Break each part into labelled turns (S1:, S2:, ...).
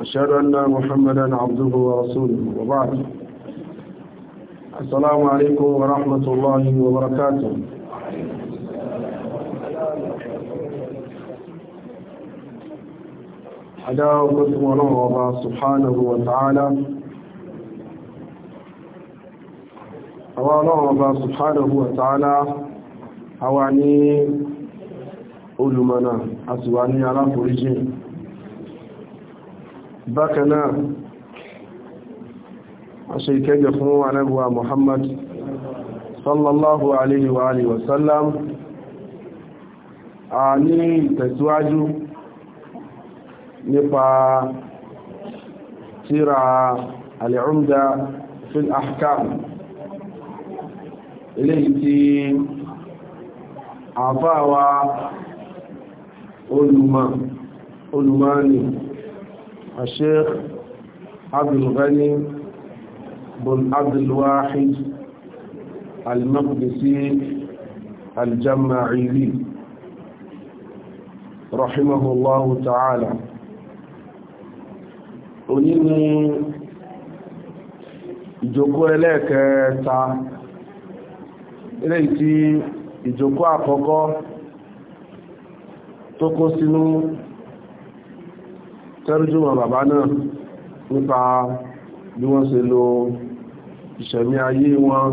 S1: أشهد أن محمدا عبده ورسوله وبعد السلام عليكم ورحمة الله وبركاته adáwọ̀ gbọ́sùn ọlọ́run ọba subhanahu wa ta'ala àwọn ọlọ́run ọba subhanahu wa ta'ala àwa ní olùmọ̀nà àti wà ní aláforíjìn bákan náà a ṣe ìkẹ́gẹ̀ fún anábíwá Muhammad sallallahu alaihi wa alihi wasallam a ní ìtẹ̀síwájú nípa tíra al'umda fil ahkam ilé tí àfáwa olùmọ̀ olùmọ̀ ni الشيخ عبد الغني بن عبد الواحد المقدسي الجماعيلي رحمه الله تعالى ونيني ìjòkó ẹlẹ́ẹ̀kẹta ilé ìtí ìjòkó àkọ́kọ́ tó kó sínú tẹ́rìjúmọ̀ bàbá náà nípa bí wọ́n ṣe lo ìṣẹ̀mí ayé wọn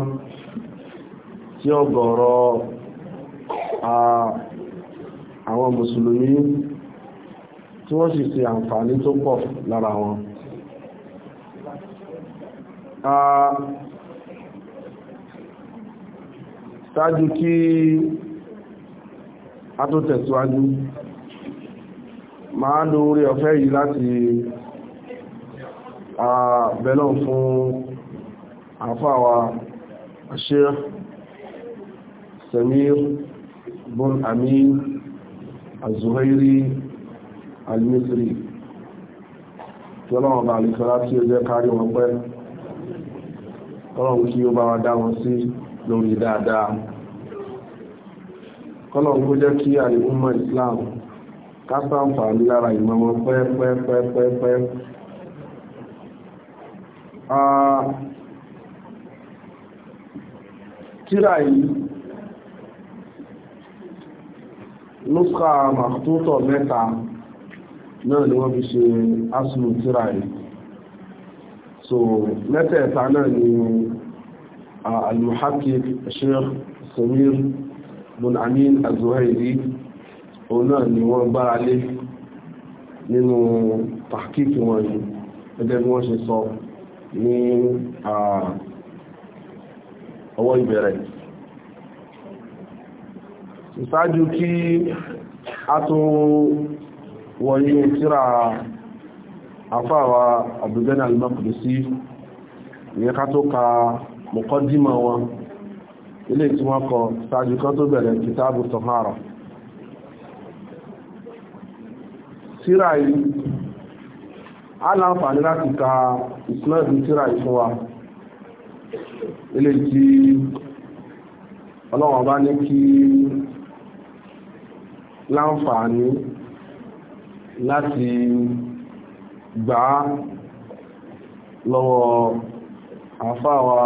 S1: tí ọ̀gọ̀rọ̀ àwọn mùsùlùmí tí wọ́n sì ṣe àǹfààní tó pọ̀ lára wọn ṣáájú kí a tó tẹ̀síwájú máa ló rí ọ̀fẹ́ yìí láti bẹ̀lọ̀ fún àfáwà Sheikh Samir Bon Amin Az-Zuhairi Al-Misri tí ọlọ́wọ̀n bá lè sọ́lá tí ó jẹ́ kárí wọn pẹ́ ọlọ́run kí ó bá wa dá wọn sí lórí dáadáa kọ́lọ̀ kó jẹ́ kí àlè Ummah Islam kásáǹfà ní lára ìmọ̀ wọn pẹ́ẹ́pẹ́ẹ́pẹ́ẹ́pẹ́ tíra yìí lókà màtútọ̀ mẹ́ta náà ni wọ́n fi ṣe asùnù tíra yìí so mẹ́tẹ̀ẹ̀ta náà ni al-muhakkik sheikh samir bin amin az-zuhairi òun náà ni wọ́n gbára lé nínú tàkìkì wọn yìí gẹ́gẹ́ bí wọ́n ṣe sọ ní ọwọ́ ìbẹ̀rẹ̀ ìsáájú kí a tó wọ̀nyí tíra afáwa Abdul-Ghani al-Maqdisi ìyẹn ká tó ka mọ̀kọ́dímọ̀ wọn ilé tí wọ́n kọ sáájú kan tó bẹ̀rẹ̀ kìtàbù tọ̀hárọ̀ tíra yìí aláǹfààní láti ka ìsìnlẹ̀bí tíra yìí fún wa ilé tí ọlọ́wọ̀n bá ní kí láǹfààní láti gbà á lọ́wọ́ àfáwà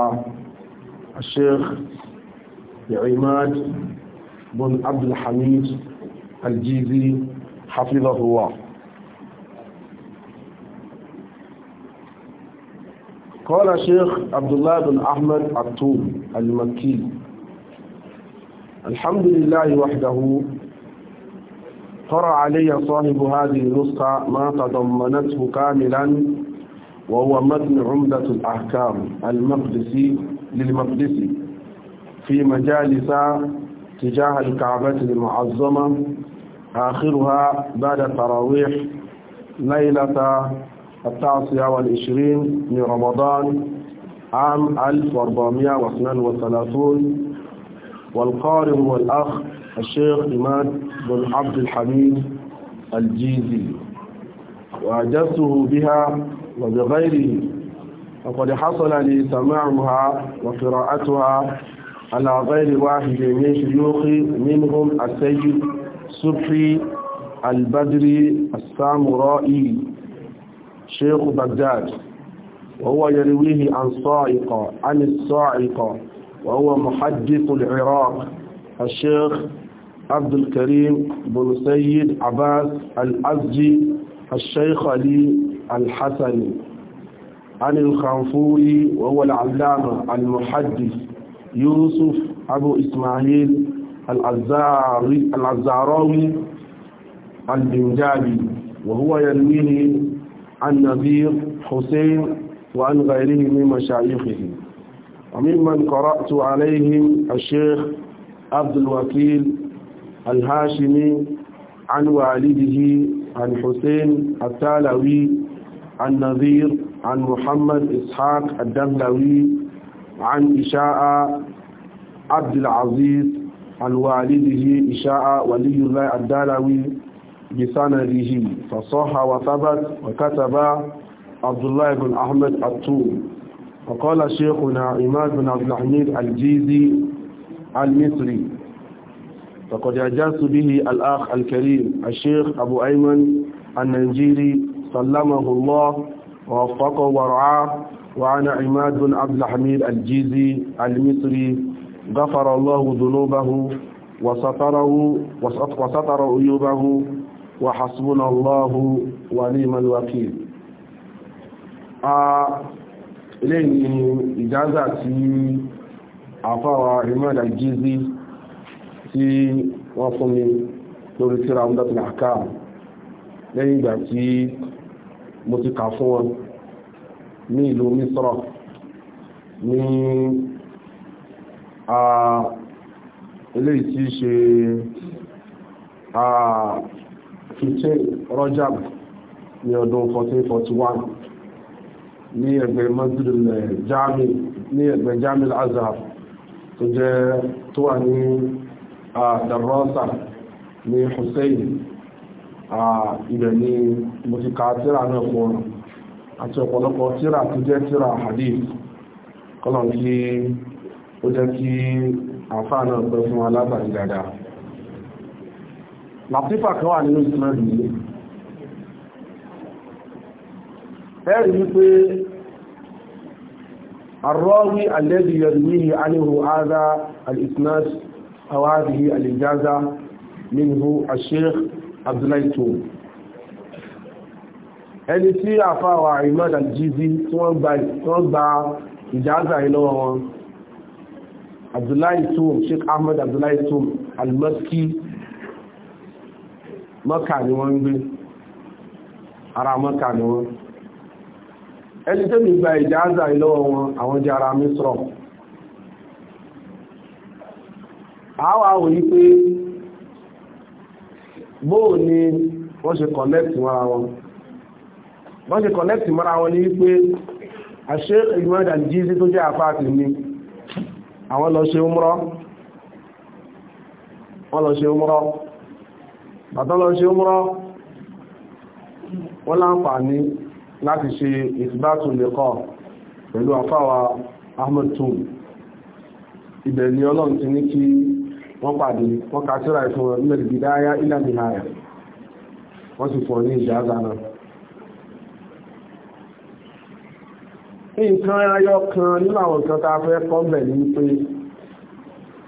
S1: Sheikh Imad bin Abdulhamid Aljizi hafizahullah قال الشيخ عبد الله بن أحمد الطول المكي الحمد لله وحده قرأ علي صاحب هذه النسخة ما تضمنته كاملا وهو متن عمدة الأحكام المقدسي للمقدسي في مجالس تجاه الكعبة المعظمة آخرها بعد التراويح ليلة التاسعة والعشرين من رمضان عام 1432 والقارئ هو الأخ الشيخ إمام بن عبد الحميد الجيزي وأعجزته بها وبغيره وقد حصل لي سماعها وقراءتها على غير واحد من شيوخي منهم السيد صبحي البدري السامرائي شيخ بغداد وهو يرويه عن صائقة عن الصائقة وهو محدث العراق الشيخ عبد الكريم بن سيد عباس الأزجي الشيخ علي الحسن عن الخنفوري وهو العلامة المحدث يوسف أبو إسماعيل العزاراوي البنجابي وهو يرويه عن نبيل حسين وعن غيره من مشايخه وممن قرأت عليهم الشيخ عبد الوكيل الهاشمي عن والده عن حسين التالوي عن نذير عن محمد إسحاق الدهلوي عن إشاء عبد العزيز عن والده إشاء ولي الله الدالوي بسنده فصح وثبت وكتب عبد الله بن أحمد الطول وقال شيخنا عماد بن عبد الحميد الجيزي المصري فقد أجاز به الأخ الكريم الشيخ أبو أيمن الننجيري سلمه الله ووفقه ورعاه وعن عماد بن عبد الحميد الجيزي المصري غفر الله ذنوبه وستره وستر عيوبه وحسبنا الله ونعم الوكيل lẹ́yìn ìjáza tí àfáwà ìmọ̀dà jízi tí wọ́n fún mi lórí tíra ń dátìlá káà lẹ́yìn ìgbà tí mo ti kà fún wọn ní ìlú Misra ní ah, eléyìí tí ṣe ah, 15 Rajab ní ọdún 1441 ní ẹgbẹ́ masjidul jami ní ẹgbẹ́ jami al-azhar tó jẹ́ tó wà ní àdàrọ́sà ní Hussein ibẹ̀ ni mo ti ka tíra náà fún ọ̀rọ̀ àti ọ̀pọ̀lọpọ̀ tíra tó jẹ́ tíra hadith kọ́lọ̀ kí ó jẹ́ kí àfáà náà pẹ́ fún alábàrí dáadáa làtífà kan wà nínú ìsinmi ilé ẹ̀rí wípé arọ́wí alẹ́bí yẹ̀rùmíhì aníhù áza al'isnas awáàdìhì alìjáza minhu asheikh abdullahi tó ẹni tí àfáwà imad aljizi tí wọ́n gba ìjáza ìlọ́wọ́ wọn abdullahi tó sheikh ahmed abdullahi tó almaski mọ́kà ni wọ́n ń gbé ara mọ́kà ni wọ́n ẹni tó ní gba ìjáàzà ìlọ́wọ́ wọn àwọn jẹ́ ara mísrọ̀ àwọ̀ àwọ̀ yí pé bóò ni wọ́n ṣe kọ̀lẹ́tì mọ́ra wọn wọ́n ṣe kọ̀lẹ́tì mọ́ra wọn ní wípé àṣẹ ìgbọ́dà jízi tó jẹ́ àpáàtì ní àwọn lọ ṣe umrọ́ bàtọ́lọ ṣe umra wọ́n láǹfààní láti ṣe ìtìbátù lẹ́kọ́ pẹ̀lú àfáwà Ahmed Tum ibẹ̀ ni ọlọ́run ti ní kí wọ́n pàdé wọ́n ká síra ìfún mẹ́rin bidaya ila nihaya wọ́n sì fọ́ ní ìjáza náà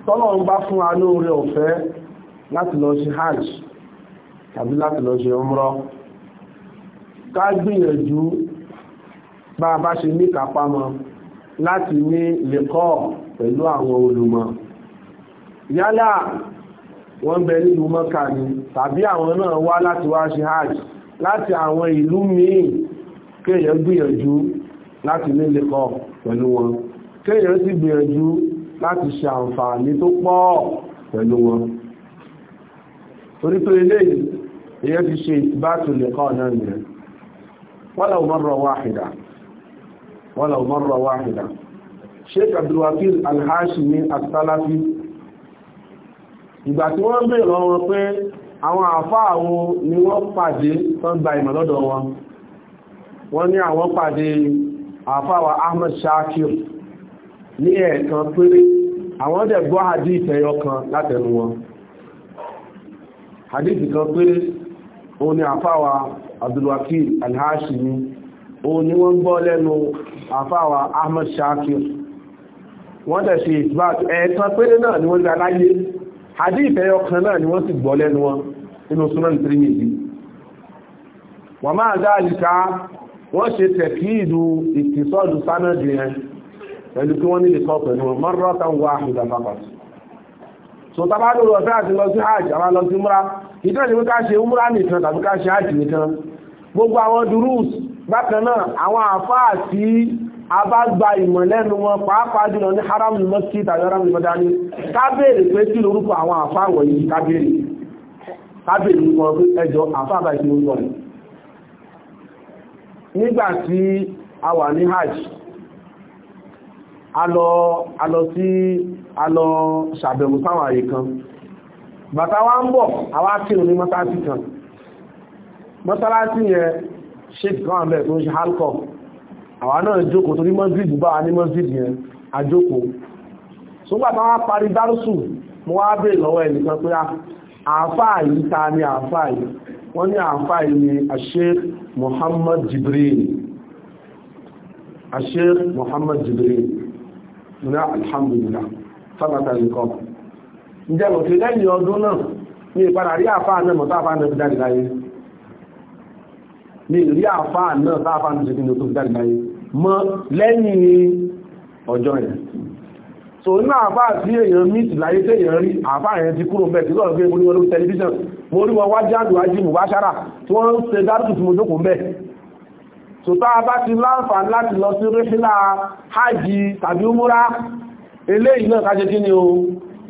S1: kan bá fún wa ọ̀fẹ́ láti lọ sí hajj tàbí láti lọ ṣe ọmọrọ ká gbìyànjú bá a bá ṣe ní kápámọ́ láti ní lẹ́kọ́ pẹ̀lú àwọn olùmọ̀ yálà wọ́n bẹ nílùú mọ́kà ni tàbí àwọn náà wá láti wá ṣe hajj láti àwọn ìlú míì kéèyàn gbìyànjú láti ní lẹ́kọ́ pẹ̀lú wọn kéèyàn sì gbìyànjú láti ṣe àǹfààní tó pọ̀ pẹ̀lú wọn torí pé eléyìí èyẹ́ ti شيء ìbátù اللقاء kọ́ ولو مرة واحدة ولو مرة واحدة marra عبد الوكيل abdulwakil alhashimi asalafi ìgbà tí wọ́n bèèrè wọn pé àwọn àfáà wo ni wọ́n pàdé tán gba ìmọ̀ lọ́dọ̀ wọn wọ́n ní àwọn pàdé àfáà wa ahmed shakir ní ẹ̀ẹ̀kan péré àwọn dẹ̀ gbọ́ hadith ẹyọ kan látẹnu wọn hadith kan péré òun ni àfáwà abdulwakil alhashimi òun ni wọ́n gbọ́ lẹ́nu àfáwà ahmed shakir wọ́n tẹ̀ ṣe isbat ẹ̀ẹ̀kan péré náà ni wọ́n gbà láyé àdí ìfẹ́yọ náà ni wọ́n sì gbọ́ lẹ́nu wọn nínú sunan tirimidi wà máa dá wọ́n ìtàn ni ká ṣe umra nìkan tàbí ká ṣe àjì nìkan gbogbo àwọn durus bákan náà àwọn àfáà tí a bá gba ìmọ̀ lẹ́nu wọn pàápàá jùlọ ní haram ni mọ́sí tàbí haram ni mọ́dání ká béèrè pé kí lórúkọ àwọn àfáà wọ̀nyí ká béèrè ká béèrè wọn pé ẹjọ́ àfáà bá ìṣẹ́ bàtà wá ń bọ̀ àwá kírun ní mọ́sálásí kan mọ́sálásí yẹn sheik kan àbẹ̀ tó ń ṣe halkọ̀ àwa náà jókòó torí mọ́síd bá ní mọ́síd yẹn àjókòó so gbàtà wá parí dárúsù mo wá bèèrè lọ́wọ́ ẹnìkan pé àáfàá yìí ta ni àáfàá yìí wọ́n ní àáfàá ni asheik Muhammad Jibril asheik Muhammad Jibril ní alhamdulillah sábàtà nìkan ìjẹ́bọ̀ tí lẹ́yìn ọdún náà ní ìpadà rí àfáà náà mọ̀ táfáà náà fi jáde láyé ní rí àfáà náà táfáà náà fi jáde láyé mọ́ lẹ́yìn ọjọ́ yẹn so nínú àfáà tí èèyàn meet láyé tí èèyàn rí àfáà yẹn ti kúrò bẹ́ẹ̀ tí lọ́rọ̀ pé mo rí wọn lórí tẹlifíṣàn mo rí wọn wájú àdùn ájí mù wáṣára tí wọ́n ń ṣe dárùkù tí mo jókòó bẹ́ẹ̀ so tá a bá ti láǹfààní láti lọ sí rífílà hajj tàbí umura eléyìí náà ká kí ni o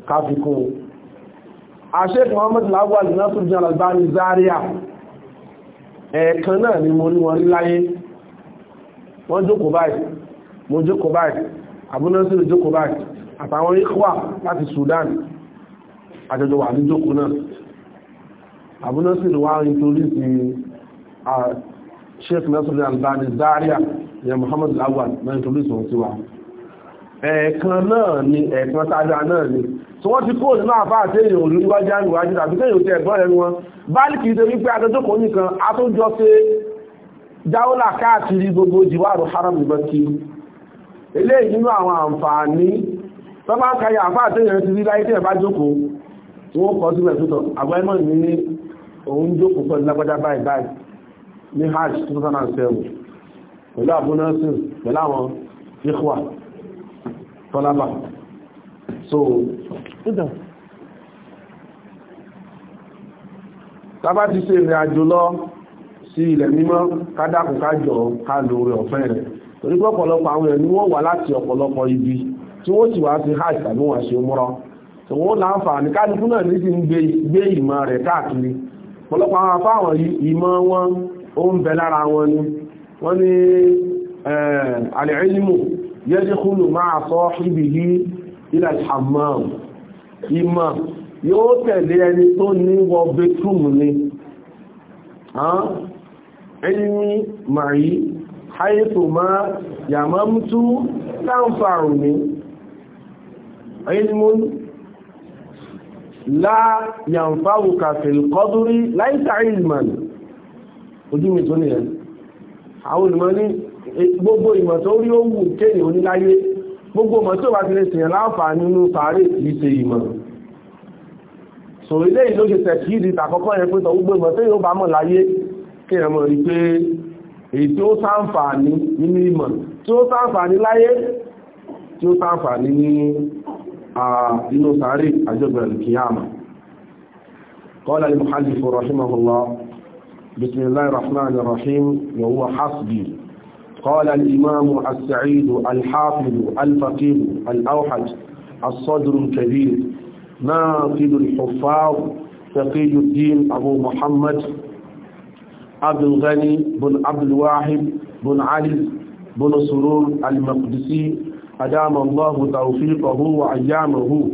S1: káfíkún Sheikh Muhammad Lawal Nasiruddin Albani Zaria ẹ̀ẹ̀kan náà ni mo ní wọn rí láyé wọ́n jókòó báyìí mo jókòó báyìí abúnásílẹ̀ jókòó báyìí àtàwọn ikhwa láti Sudan àjọjọ wà ní jókòó náà abúnásílẹ̀ wá nítorí sí uh, Sheikh Nasiruddin Albani Zaria ìyẹn Muhammad Lawal náà nítorí sí wọn sí ẹ̀ẹ̀kan náà ni ẹ̀ẹ̀kan tájá náà ni so wọ́n ti kó nínú àfá àti èèyàn òní níwájú àníwájú tàbí kéèyàn ti ẹ̀gbọ́n ẹnu wọn báyìí kìí ṣe wípé adójókòó nìkan a tó jọ pé dáwọ́là káàkiri gbogbo jìwárò haram ìbọn kí eléyìí nínú àwọn àǹfààní tó bá ń kayà àfá àti èèyàn ti rí láyé tẹ́ẹ̀ bá jókòó tí wọ́n kọ́ sílẹ̀ tó pẹ̀lú lágbájá pẹ̀lú àwọn ikhwa tọ́lábà so tàbá ti ṣe ìrìn àjò lọ sí ilẹ̀ mímọ́ kádàkùn kájọ ká lóore ọ̀fẹ́ rẹ̀ torí pé ọ̀pọ̀lọpọ̀ àwọn ẹni wọ́n wà láti ọ̀pọ̀lọpọ̀ ibi tí wọ́n sì wá sí hajj tàbí wọ́n ṣe múrọ́ tí wọ́n láǹfààní kálukú náà ní ti ń gbé ìmọ̀ rẹ̀ káàkiri ọ̀pọ̀lọpọ̀ àwọn afáwọn ìmọ̀ wọn ó ń bẹ lára wọn ni wọ́n ní eh, alẹ́ yẹ́díkúlù máa sọ ibi yìí ilẹ̀ hammam ìmọ̀ yóò tẹ̀lé ẹni tó ní wọ bedroom ni ẹni màáyí haìtò máa yàmọ́mtú láǹfààrù ni ẹni láyàǹfààrù kàfẹ̀lì kọ́dúrí láìta ìlmàn ojú mi tó nìyẹn àwọn olùmọ́ ní gbogbo ìmọ̀ tó rí ó wù kéèyàn oníláyé gbogbo ìmọ̀ tó bá ti lè sèyàn láǹfààní nínú sàárè kìí ṣe ìmọ̀ so ilé yìí ló ṣe tẹ̀kì ìdí tàkọ́kọ́ yẹn pé tọ́ gbogbo ìmọ̀ tó yóò bá mọ̀ láyé kéèyàn mọ̀ rí pé èyí tí ó sáǹfààní ní inú قال الإمام السعيد الحافظ الفقيه الأوحد الصدر الكبير ناقد الحفاظ تقي الدين أبو محمد عبد الغني بن عبد الواحد بن علي بن سرور المقدسي أدام الله توفيقه وأيامه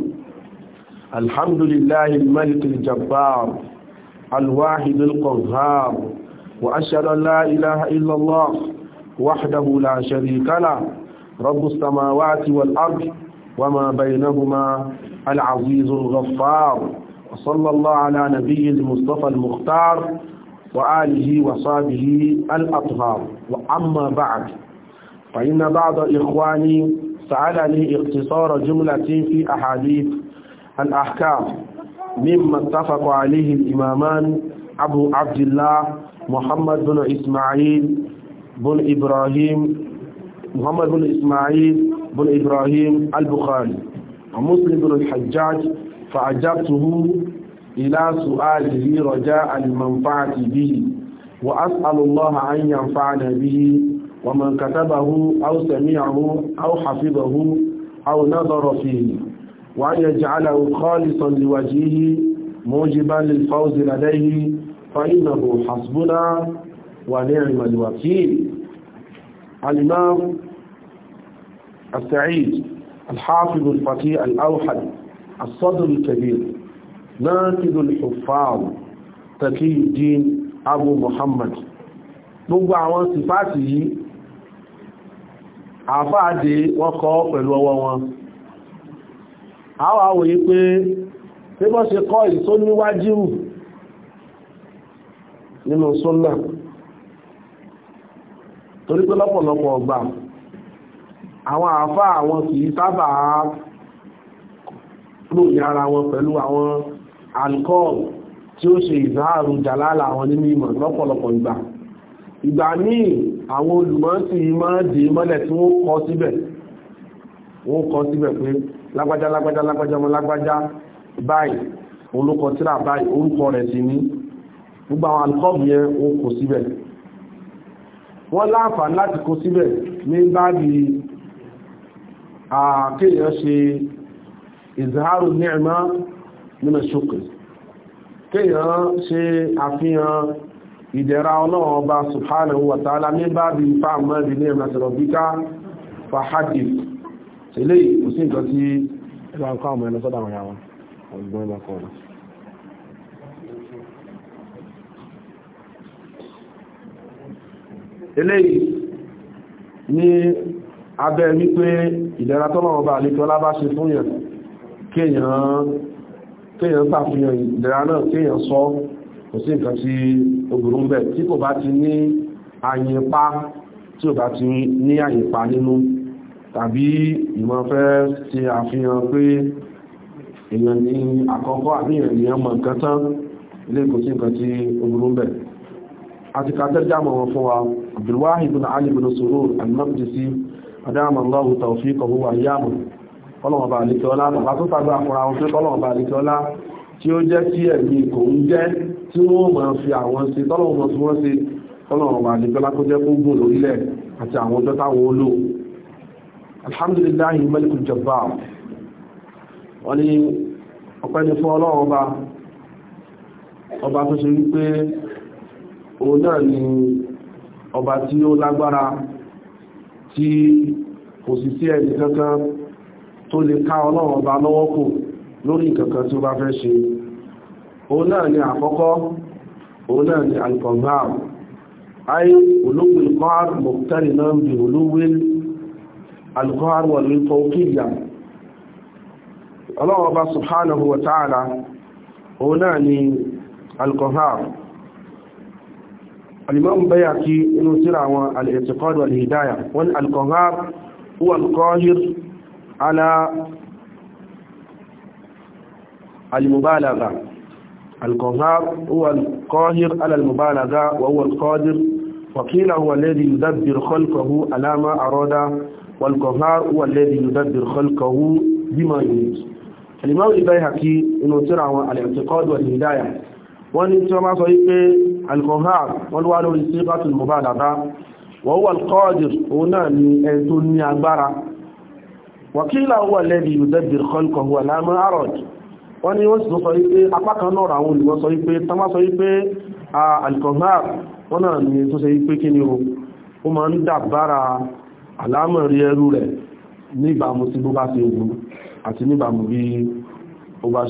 S1: الحمد لله الملك الجبار الواحد القهار وأشهد لا إله إلا الله وحده لا شريك له رب السماوات والأرض وما بينهما العزيز الغفار وصلى الله على نبي المصطفى المختار وآله وصحبه الأطهار وأما بعد فإن بعض إخواني سألني اختصار جملة في أحاديث الأحكام مما اتفق عليه الإمامان أبو عبد الله محمد بن إسماعيل بن إبراهيم محمد بن إسماعيل بن إبراهيم البخاري ومسلم بن الحجاج فأجبته إلى سؤاله رجاء المنفعة به وأسأل الله أن ينفعنا به ومن كتبه أو سمعه أو حفظه أو نظر فيه وأن يجعله خالصا لوجهه موجبا للفوز لديه فإنه حسبنا ونعم الوكيل الإمام السعيد الحافظ الفتي الأوحد الصدر الكبير ناقد الحفاظ تقي الدين أبو محمد gbogbo àwọn sífàtì yìí àfáàdé wọ́n kọ́ pẹ̀lú ọwọ́ wọn àwọn àwòyí pé pé bọ́ ṣe kọ́ ìsóníwájú nínú sunnah torí pé lọ́pọ̀lọpọ̀ ọgbà àwọn àáfà àwọn kì í sábà lóyìn ara wọn pẹ̀lú àwọn alcohol tí ó ṣe ìzáàrù jàlálà àwọn nínú ìmọ̀ lọ́pọ̀lọpọ̀ ìgbà ìgbà míì àwọn olùmọ̀ sì máa dè mọ́lẹ̀ tí wọ́n kọ síbẹ̀ wọ́n kọ síbẹ̀ pé lágbájá lágbájá lágbájá ọmọ lágbájá báyìí olùkọ tíra báyìí orúkọ rẹ̀ sì ní gbogbo àwọn alcohol yẹn wọ́n kọ síbẹ̀ wọ́n láǹfààní láti kó síbẹ̀ ní báàbí àkéèyàn ṣe ìzáàrù ni'ma nínú ṣókè kéèyàn ṣe àfihàn ìdẹ̀ra ọlọ́run ọba subhanahu wa ta'ala ní báàbí fáàmọ́ ìdí ní ẹ̀mà sọ̀rọ̀ bíká fàhádìí eléyìí kò sí nǹkan tí ẹgbà ń eléyìí ní abẹ́ wípé ìdára tọ́lọ́wọ́ bá àlékọ́ lábá ṣe fún yàn kéèyàn pàfihàn ìdára náà kéèyàn sọ kò sí nǹkan tí obìnrin ń bẹ̀ tí kò bá ti ní àyìnpá tí ò bá ti ní àyìnpá nínú tàbí ìmọ̀ fẹ́ ṣe àfihàn pé èèyàn ní àkọ́kọ́ àbí èèyàn mọ̀ nǹkan tán ilé kò sí nǹkan tí obìnrin bẹ̀ àti kàtẹ́jámọ̀ wọn fún wa عبد الواحد بن علي بن سرور المقدسي أدام الله توفيقه وأيامه ọlọ́wọ̀n bá àlèkẹ́ ọlá àtúntàgbà àkùnrà àwọn pípọ́ ọlọ́wọ̀n bá àlèkẹ́ ọlá tí ó jẹ́ tí ẹ̀mí kò ń jẹ́ tí wọ́n mọ̀ fi àwọn ṣe tọ́lọ̀wọ̀n tí wọ́n ṣe ọlọ́wọ̀n bá àlèkẹ́ ọlá kó jẹ́ kó gùn lórílẹ̀ àti àwọn ọjọ́ táwọn olò alhamdulillahi malik jabbar wọ́n ní ọpẹ́ ni fún ọlọ́wọ̀n bá ọba tó ṣe wípé òun náà ni ọba tí ó lágbára tí kò sì sí ẹni kankan tó lè ká ọlọ́run ọba lọ́wọ́ kò lórí kankan tí ó bá fẹ́ ṣe òun náà ni àkọ́kọ́ òun náà ni alkọ̀gbáà ayé olóògbé kọ́r mọ̀tẹ́rì náà bí olówé alkọ́r wà ní fọ́kíyà ọlọ́run ọba subhanahu wa ta'ala òun náà ni alkọ̀gbáà الإمام بيعكي إنه سرع الاعتقاد والهداية والقهار هو القاهر على المبالغة القهار هو القاهر على المبالغة وهو القادر وقيل هو الذي يدبر خلقه على ما أراد والقهار هو الذي يدبر خلقه بما يريد الإمام البيهقي إنه سرع الاعتقاد والهداية wọ́n ní tí wọ́n máa sọ wípé alkohar wọ́n wá lórí sí bátùn mubalaga wọ́n wà alkọ́ọ̀dìr òun náà ni ẹni tó ní agbára wàkílà wà lẹ́bi yudabbir khalqahu aláàmú arọ̀d wọ́n ní wọ́n sì sọ wípé apá kan náà àwọn olùgbọ́ sọ wípé tán máa wọ́n ni tó sọ wípé kí ni o ó máa ń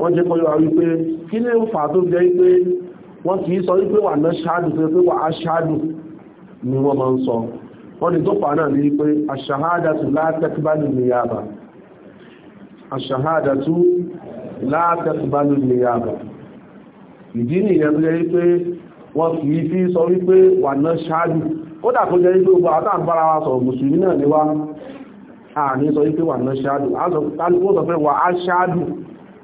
S1: wọ́n jẹ́ kọ́yọ́ wípé kí ní ń tó jẹ́ wípé wọ́n kìí sọ wípé wà náà ṣáàdù tó pé wà á ṣáàdù ni wọ́n máa sọ wọ́n ni tó fà náà ní wípé aṣàhádàtù látẹ́kìbálù niyaba aṣàhádàtù látẹ́kìbálù niyaba ìdí tó jẹ́ wọ́n kìí sọ wípé wà náà ṣáàdù ó jẹ́ wípé wa mùsùlùmí náà ni wá àní sọ wípé wà náà ṣáàdù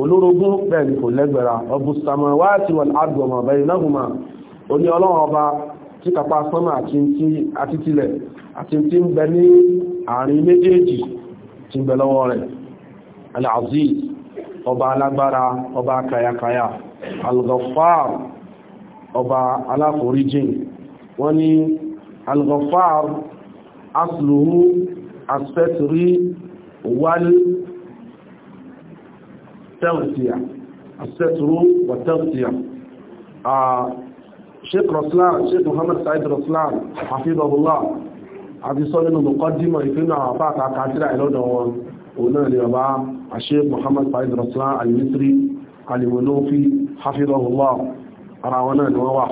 S1: olórogún bẹ́ẹ̀ni kò lẹ́gbẹ̀ra ọgbùn samawati wal ardi wa ma baynahuma ó ní ọlọ́run ọba tí kapa sánmà àti tilẹ̀ àti tí ń bẹ ní àárín méjèèjì tí ń bẹ lọ́wọ́ rẹ̀ al-aziz ọba alágbára ọba kayakaya al ọba tẹ́wùtíyà asẹ́tùrú wà tẹ́wùtíyà sheik roslan sheik muhammad said roslan hafidahullah àbísọ́ nínú mọ̀kọ́dímọ̀ ìfínà àpáàkà kàtírà ìlọ́dọ̀ wọn òun náà ni bàbá sheik muhammad said roslan alimitri alimolofi hafidahullah ara wọn náà ni wọ́n wà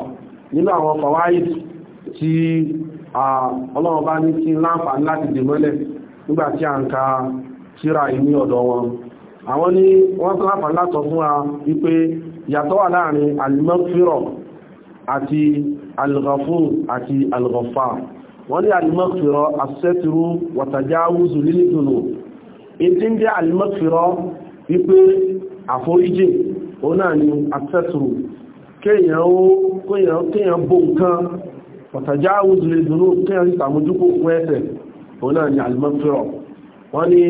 S1: nínú àwọn fawaid tí ọlọ́run bá ní kí láǹfà láti dìmọ́lẹ̀ nígbàtí à ń ka tíra ìní ọ̀dọ̀ wọn àwọn ní wọ́n tó láfà látọ̀ fún wa wípé yàtọ̀ wà láàrin alimọ́fírọ̀ àti alghafur àti alghafar wọ́n ní alimọ́fírọ̀ asẹ́tìrú wàtàjáwùzù lílìdùnù ìtí ń jẹ́ alimọ́fírọ̀ wípé ni asẹ́tìrú kéèyàn bó nǹkan wàtàjáwùzù lílìdùnù kéèyàn sí tàmójúkò fún ẹ̀ṣẹ̀ òun náà ni alimọ́fírọ̀ wọ́n ní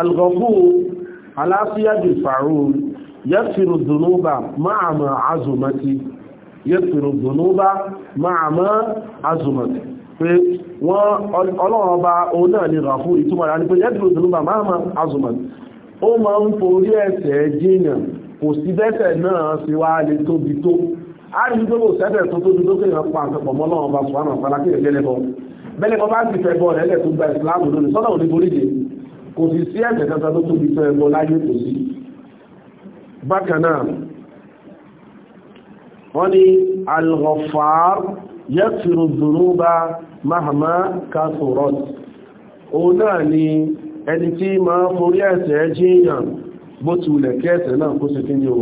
S1: alghafur aláfíà bí fàrún yẹ́fìrù dùnúbà máa mọ̀ azùmọ́tí yẹ́fìrù dùnúbà máa mọ̀ azùmọ́tí pé wọ́n ọlọ́run ọba òun náà ni ràfún ìtumọ̀ rẹ̀ ni pé yẹ́fìrù dùnúbà máa mọ̀ azùmọ́tí ó máa ń forí ẹ̀ṣẹ̀ jìyàn kò sí bẹ́ṣẹ̀ náà sí wá lè tóbi tó a rí gbogbo sẹ́fẹ̀ tó tóbi tó kéèyàn pa àtọ̀pọ̀ mọ́ ọlọ́run ọba sùn àmọ̀ pàlákì ìrẹ̀lẹ́bọ̀ bẹ́lẹ́bọ̀ bá ti fẹ́ bọ́ ọ̀rẹ́lẹ̀ tó gba ìsìláàmù lónìí sọ́dọ̀ òní borí jìyàn kò sì sí ẹ̀ṣẹ̀ kata tó tóbi tó ẹbọ láyé kò sí bákanáà wọ́n ni al-Ghaffar yaghfiru dhunuba mahama kathurat òun náà ni ẹni tí ma forí ẹ̀ṣẹ̀ jíyàn bó ti wùlẹ̀ kí ẹ̀ṣẹ̀ náà kó sì kíni o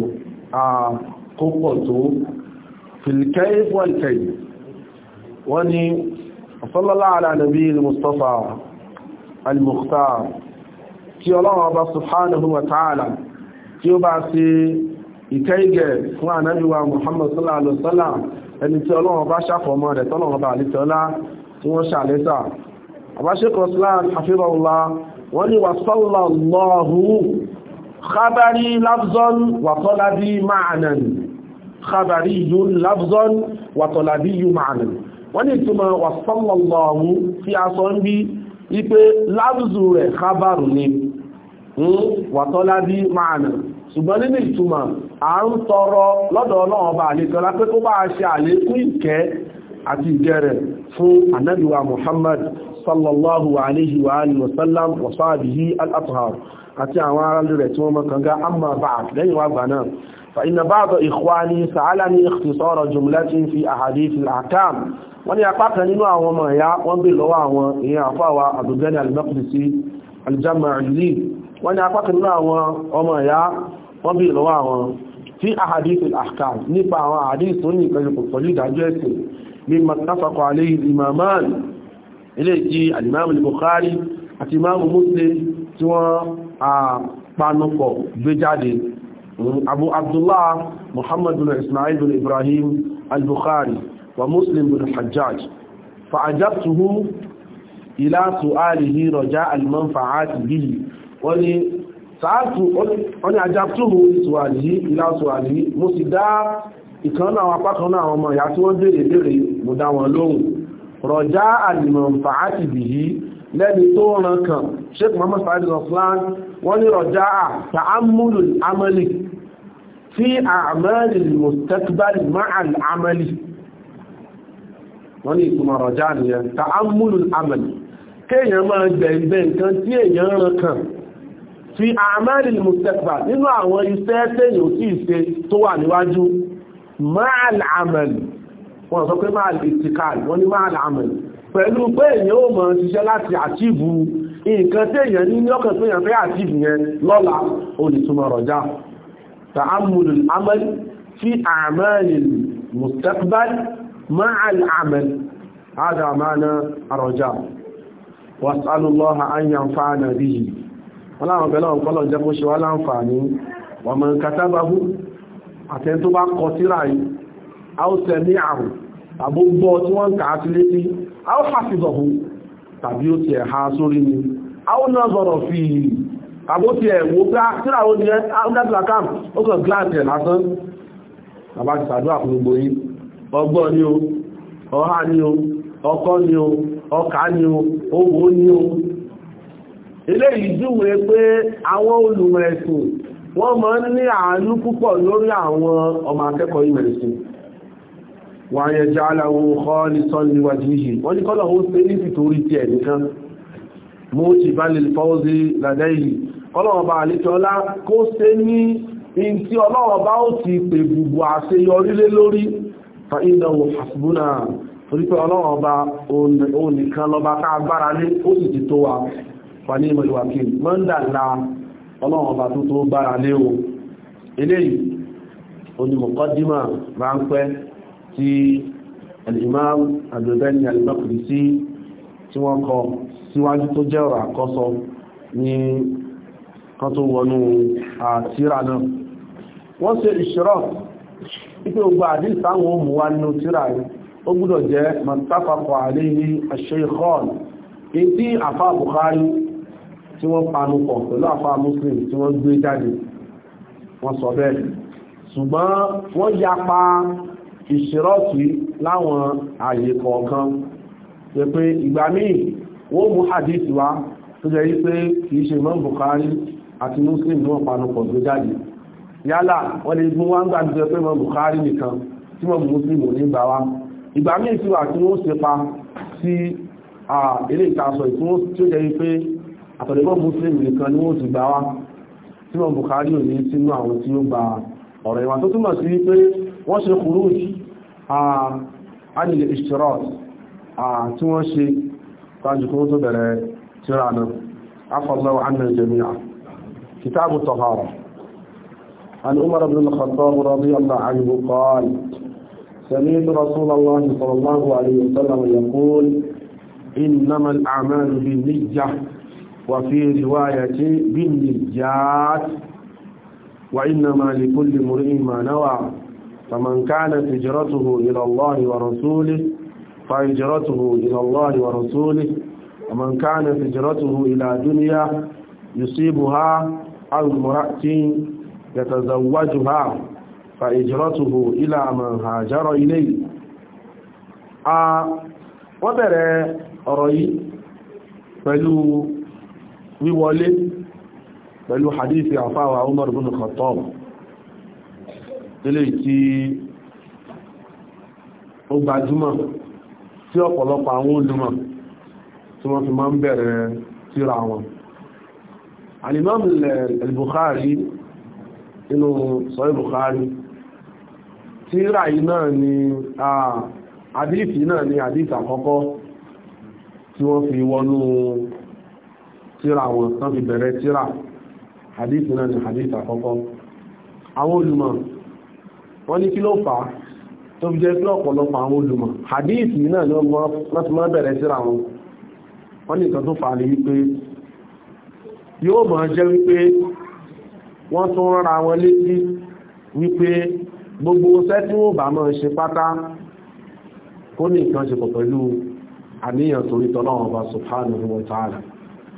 S1: àkópọ̀ tó wọ́n ni sallallahu ala nabiyil Mustafa al-Mukhtar kí ọlọ́run ọba subhanahu wa ta'ala kí ó bá ṣe ìkẹ́ìgẹ̀ fún ànábíwa muhammad sallallahu alaihi wasallam ẹni tí ọlọ́run ọba ṣàfọ̀mọ́ rẹ̀ tọ́lọ́run ọba àlítọ́lá tí wọ́n ṣàlẹ́sà àbáṣẹ́kọ̀ islam hafizahullah wọ́n ni wà sallallahu ni ìtumọ̀ wà rẹ̀ khabaru ni wàtọ́lá bí máàna ṣùgbọ́n nínú ìtumọ̀ a ń tọrọ lọ́dọ̀ ọlọ́run bá àlékọ́ lápé kó bá ṣe àlékún ìkẹ́ àti ìgẹ̀rẹ̀ fún anábíwa Muhammad sallallahu alaihi wa alihi wasallam wa sahbihi al-athhar àti àwọn ará rẹ̀ tí wọ́n mọ́kànga amma ba'd lẹ́yìn wá gbà náà fa inna ba'd ikhwani sa'alani ikhtisara jumlatin fi ahadith al-ahkam wọ́n ní apá kan nínú àwọn ọmọ ẹ̀yà wọ́n bè lọ́wọ́ àwọn èèyàn àfáwà al-Maqdisi al-Jama'ili wọ́n ni apákanlá àwọn ọmọ ìyá wọ́n bí ìlọ́wọ́ àwọn tí ahadith al-ahkam nípa àwọn ahadith tó ní ìpẹ̀lẹ̀kù pẹ̀lú ìdájọ́ ẹ̀sìn ní mattafaqu alayhi al-imaman ilé tí al-imam al wọ́n ni sáàtù ọ́nà àjáptúrù ìtùwàdí ìlàtùwàdí mo sì dá ìkan náà ọmọ ìyá tí wọ́n béèrè béèrè mo dá wọn lóhùn rọ̀já lẹ́ni tó ràn kan sheik mohamed fahad roslan wọ́n amali máa gbẹ̀gbẹ̀ nǹkan tí èèyàn fi àmàlì mùsẹ̀fà nínú àwọn iṣẹ́ tẹ́yìn ò tí ìṣe tó wà níwájú máàlì àmàlì wọ́n sọ pé máàlì ìtìkàlì wọ́n ní máàlì àmàlì pẹ̀lú pé èyàn ó mọ̀ ṣiṣẹ́ láti àtìbù nǹkan tẹ́yìn ní ní ọkàn péyàn fẹ́ àtìbù yẹn lọ́la olùtumọ̀ rọ̀já ta'ammulu al-amal fi a'mali al-mustaqbal ma'a al-amal هذا معنى الرجاء واسأل الله أن ينفعنا به ọláwọn bẹ̀lọ́ ọ̀pọ̀lọ̀ jẹ́ kó ṣe wá láǹfààní ọmọ katabahu àtẹ́ tó bá kọ síra yìí a ó sẹ ní àrùn àbúgbọ́ tí wọ́n ń kà á sí létí a ó hàfìzọ̀hù tàbí ó ti ẹ̀ha sórí ni a ó náà zọ̀rọ̀ fi àbó ti ẹ̀wò pé ah, ah, ni o ni eléyìí júwe pé àwọn olùmọ̀ ẹ̀sìn wọ́n máa ń ní àánú púpọ̀ lórí àwọn ọmọ akẹ́kọ̀ọ́ ìmọ̀ ẹ̀sìn wọ́n ayẹ jẹ́ aláwọ̀ ọkọ̀ ní sọ́ni wájú yìí wọ́n ní kọ́lọ̀ ó ṣe ní fìtorí ti ẹ̀nìkan mú ti bá lè fọ́ọ́sí làdẹ́yìí ọlọ́ọ̀bá àlítọ́lá kó fa ìdánwò hasbuna torípé ọlọ́ọ̀bá òun nìkan lọ́ba ká agbára lé ó sì ti tó wa fani ìmọ̀lúwàkí mọ́ndàlá ọlọ́run ọba tó tó gbára lé o eléyìí onímọ̀kọ́dímà ráńpẹ́ tí al-Imam Al-Albani al-Maqdisi tí wọ́n kọ síwájú tó jẹ́ ọ̀rọ̀ àkọ́sọ ní kan tó wọnú àtírà náà wọ́n ṣe ìṣirọ́ ipé ogbà àdí ìsáwọn ohun wa nínú tírà rẹ̀ ó gbúdọ̀ jẹ́ mọ̀tàfàkọ̀ àléhí ash-Shaykhan èyí tí àfáà Bukhari tí wọ́n panu pọ̀ pẹ̀lú àfáà muslim tí wọ́n gbé jáde wọ́n sọ bẹ́ẹ̀ ṣùgbọ́n wọ́n yapa ìṣirọ́tì láwọn àyè kọ̀ọ̀kan pé pé ìgbà míì wọ́n mú hadith wá tó jẹ́ wípé kìí ṣe mọ́ Bukhari àti muslim ni wọ́n panu pọ̀ gbé jáde yálà wọ́n lè mú wá ń gbà jẹ́ pé mọ́ Bukhari nìkan tí wọ́n mú muslim ò ní gbà wá ìgbà míì tí wà tí wọ́n ṣe pa sí ilé ìtasọ̀ ìtún tí ó jẹ́ wípé àtọ̀lẹ́gbọ́ muslim nìkan ni wọ́n ti gbà wá tí wọ́n Bukhari ò ní sínú àwọn tí ó gba ọ̀rọ̀ ìwà tó túnmọ̀ sí wípé wọ́n ṣe khuruj ánìlẹ̀ ishtirat tí wọ́n ṣe tánjùkú tó bẹ̀rẹ̀ tíra náà رسول الله صلى الله عليه وسلم يقول إنما الأعمال بالنية وفي رواية بالنجات وإنما لكل مرئ ما نوى فمن كانت هجرته إلى الله ورسوله فهجرته إلى الله ورسوله ومن كانت هجرته إلى دنيا يصيبها أو امرأة يتزوجها فهجرته إلى من هاجر إليه آه وبرأ رأي pẹ̀lú wíwọlé pẹ̀lú hadithi àfáwà Umar bin Khattab ilé tí ó gbajúmọ̀ tí ọ̀pọ̀lọpọ̀ àwọn olùmọ̀ tí wọ́n fi máa ń bẹ̀rẹ̀ síra wọn al-Imam al-Bukhari inú Sahih Bukhari tíra yìí náà ni àdífì náà ni àdífì àkọ́kọ́ tí wọ́n fi wọnú tíra wọn tán fi bẹ̀rẹ̀ tíra hadith náà ni hadith àkọ́kọ́ àwọn olùmọ̀ wọ́n ní kí ló fà á tó fi jẹ́ sí ọ̀pọ̀lọpọ̀ àwọn olùmọ̀ hadith yìí náà ni wọ́n ti máa bẹ̀rẹ̀ tíra wọn wọ́n ní nǹkan tó fà á ní wípé yóò máa jẹ́ wípé wọ́n tún rárá wọn létí wípé gbogbo ṣẹ́ tí wọ́n bá máa ṣe pátá kó ní nǹkan ṣe pọ̀ pẹ̀lú àníyàn torí tọ́lọ́wọ́n bá subhanahu wa ta'ala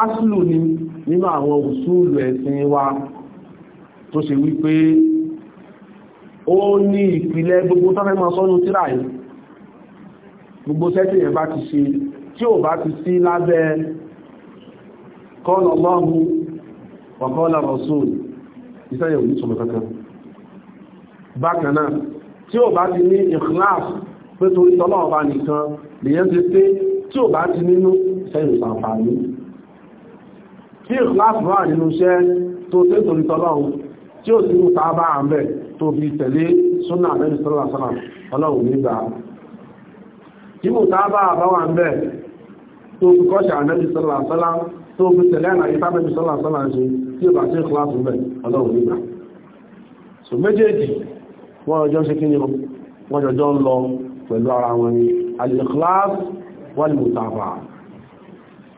S1: aṣlù ni nínú àwọn òṣùlù ẹ̀sìn wa tó ṣe wípé ó ní ìpìlẹ̀ gbogbo tọ́fẹ́ máa sọ́nù tíra yìí gbogbo sẹ́tì yẹn bá ti ṣe tí ò bá ti sí lábẹ́ kọ́lọ̀ lọ́hùn ọ̀kọ́lọ̀ rọ̀sùn ìsẹ́yẹ̀ òní sọmọ kankan bákan náà tí ò bá ti ní ìkìláàf pé torí tọ́lọ̀ ọba nìkan lèyẹn ti pé tí ò bá ti nínú sẹ́yìn sàǹfààní tí ìkìláàsì wà nínú iṣẹ́ tó tẹ́ torí tọ́lọ́run tí ó sì ń ta bá à ń bẹ̀ tó fi tẹ̀lé súnà àbẹ́ni sọ́lá sọ́lá ọlọ́run nígbà tí mo ta bá àbá wà ń bẹ̀ tó fi kọ́ṣà àbẹ́ni sọ́lá sọ́lá tó so méjèèjì wọ́n ọjọ́ ṣe kí ni wọ́n jọjọ́ ń lọ pẹ̀lú ara wọn ni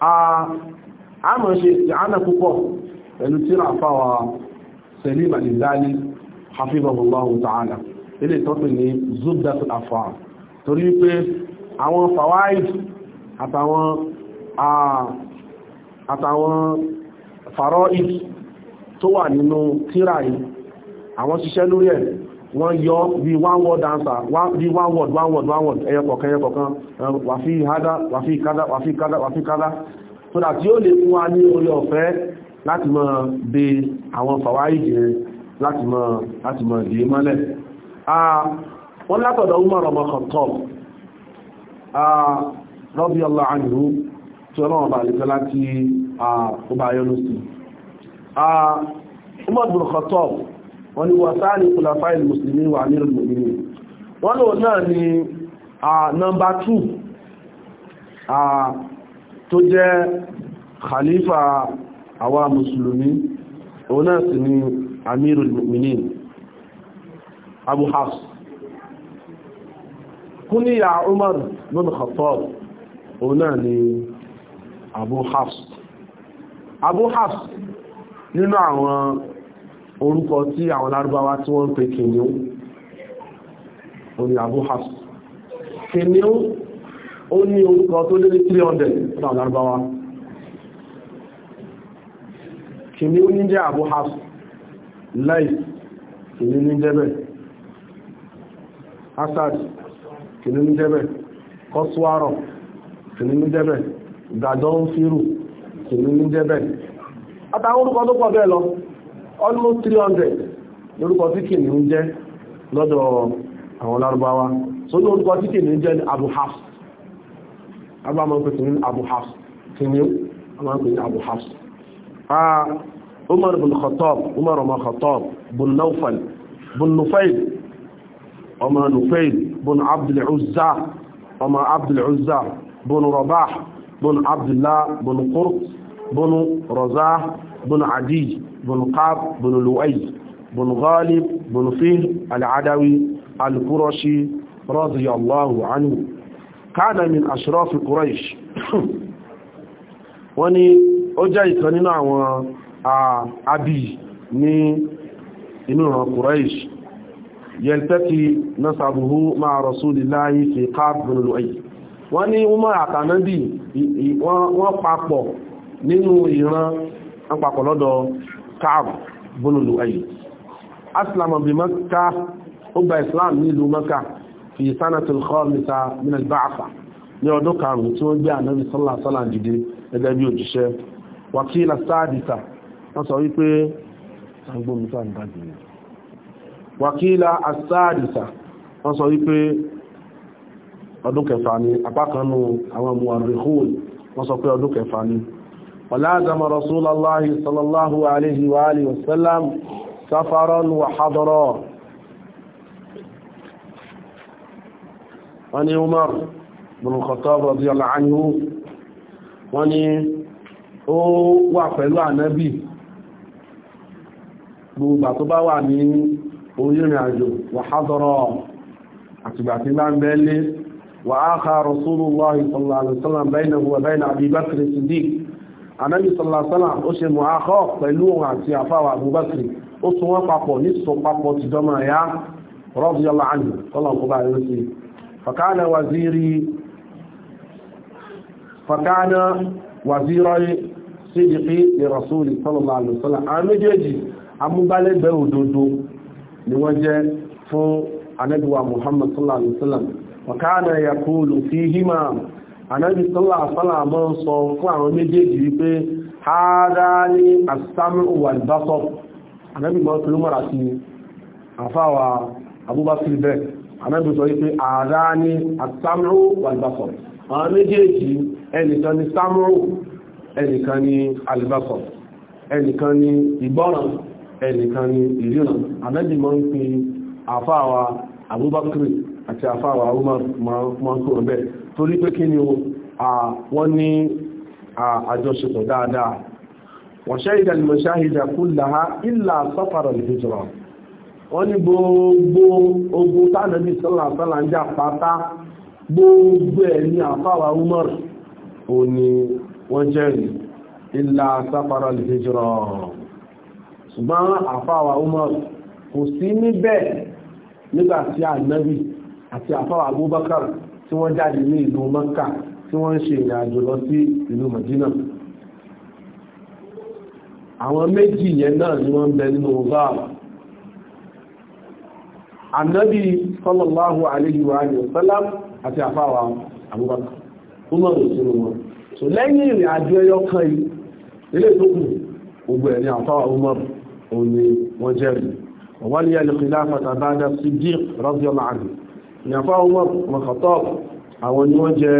S1: al a mọ̀ ṣe ìhánà púpọ̀ pẹ̀lú tíra fáwà Salim al-Ghazali hafizahullahu ta'ala àwọn ṣiṣẹ́ lórí ẹ̀ wọ́n yọ bí one word answer one word one word one word ẹyọkọ̀kan wàfí so that yóò lè fún wa ní orí ọ̀fẹ́ láti mọ́ de àwọn fàwáìdì rẹ̀ láti mọ́ láti mọ́ dìí mọ́lẹ̀ wọ́n látọ̀dọ̀ Umar ibn Khattab radiyallahu anhu tí ọlọ́wọ̀n bá lè fẹ́ láti ọba ayọ́nù sí Umar ibn Khattab wọ́n ni wà sáà ní khulafa'il muslimin wa amirul mu'minin wọ́n lò náà ni nọmbà 2 tó jẹ́ khalifa àwa mùsùlùmí òun náà sì ni amirul mu'minin abu hafs kúníyà umar bin khattab òun náà ni abu hafs abu hafs nínú àwọn orúkọ tí àwọn lárúbáwá tí wọ́n ń pè kìnìún òun ni abu hafs kìnìún ó ní orúkọ tó lé ní 300 ọ̀dọ̀ àlárúbáwá kìíní ní Abu Hafs Layth kìíní ní jẹ́bẹ̀ Asad kìíní ní jẹ́bẹ̀ Kọ́sùwárọ̀ kìíní ní jẹ́bẹ̀ Gadonfiru kìíní ní jẹ́bẹ̀ àtàwọn orúkọ tó pọ̀ bẹ́ẹ̀ lọ almost 300 lórúkọ tí kìíní ń jẹ́ lọ́dọ̀ àwọn lárúbáwá orúkọ tí Abu Hafs àbá máa ń pè tìmí Abu Hafs tìmí a máa ń pè ní Abu Hafs Umar bin Khattab Umar ọmọ Khattab bin Naufal bin Nufail ọmọ Nufail bin Abdul Uzza ọmọ Abdul Uzza bin Rabah bin Abdullah bin Qurt bin Razah bin Adi bin Qab bin Lu'ay bin Ghalib bin Fihr al-Adawi al-Qurashi radiyallahu kana min ashrafi quraish wọ́n ní ó jẹ́ ìkan nínú àwọn àbí ní inú ìran quraish yẹltẹ́kì nasabuhu ma rasulillahi fi qab bin lu'ay wọ́n ní umar àtànábì wọ́n papọ̀ nínú ìran wọ́n papọ̀ lọ́dọ̀ qab bin fi sanatul khamisa min al-ba'sa ní ọdún karùn-ún tí wọ́n gbé ànábì sallallahu alaihi wasallam dìde gẹ́gẹ́ bí òjíṣẹ́ wàkílà sáàdìsà wọ́n sọ wípé agbóhùnsá ń dájú ní wàkílà sáàdìsà wọ́n sọ wípé ọdún kẹfà ni apákanú àwọn muwarrikhun wọ́n sọ pé ọdún kẹfà ni wàláàzàmà rasúlọ́láhì sallallahu alaihi wa alihi wasallam safaran wa hadara wọ́n ní Umar bin Khattab radiyallahu anhu wọ́n ní ó wà pẹ̀lú ànábì gbogbo tó bá wà ní orírin àjò wà hádọ́rọ̀ àtìgbà tí bá ń bẹ́lé wà áhà Rasulullahi sallallahu alaihi wasallam bainahu wa bain Abi Bakr Siddiq ànábì sallallahu alaihi wasallam ó ṣe mọ̀ áhọ́ pẹ̀lú òun àti àfáwà Abu Bakr bá yóò sí فكان وزيري فكان وزيري صديق لرسول صلى الله عليه وسلم àmìjẹ́jì amúgbálẹ́gbẹ̀ẹ́ òdodo ni wọ́n jẹ́ fún anẹ́bíwa Muhammad sallallahu alaihi wasallam وكان يقول فيهما ànábì sọ́lá àsọ́lá mọ́ sọ fún àwọn méjèèjì wípé hádá ní àsámi wal-basar ànábì mọ́ sí àfáwà Abubakar bẹ́ẹ̀ anábì sọ wípé ààrá ní àtàmúrò wàlbàsọ̀ àwọn méjèèjì ẹnìkan ni sàmúrò ẹnìkan ni àlbàsọ̀ ẹnìkan ni ìgbọ́ràn ẹnìkan ni ìríran anábì mọ́ ń pè àfáàwà Abubakar àti àfáàwà Umar mọ́ ń kúrò bẹ́ẹ̀ torí pé kí ni wọ́n ní àjọṣepọ̀ dáadáa wọ́n ní gbogbo ogun tánàbí sọ́làsọ́là ń jà pátá gbogbo ẹ̀ ní àfáwà Umar ò ní wọ́n jẹ́rìí ilá sáfàrà lè hijira ṣùgbọ́n àfáwà Umar kò sí níbẹ̀ nígbàtí ànábì àti àfáwà Abubakar tí wọ́n jáde ní ìlú Makka tí wọ́n ń ṣe ìrìn àjò lọ sí ìlú Madina àwọn méjì yẹn náà ni wọ́n bẹ nínú gáàmù annabi sallallahu alaihi wa alihi wasallam àti àfáwà abubakar umar òsìnú wọn so lẹ́yìn ìrìn àjò ẹyọ kan yìí ilé ìtókù gbogbo ẹ̀rí àfáwà umar òun ni wọ́n jẹ́rìí wọ́n ni yẹ́lì khilafata ba'da siddiq radiyallahu anhu ni àfáwà umar wọn khattab àwọn ni wọ́n jẹ́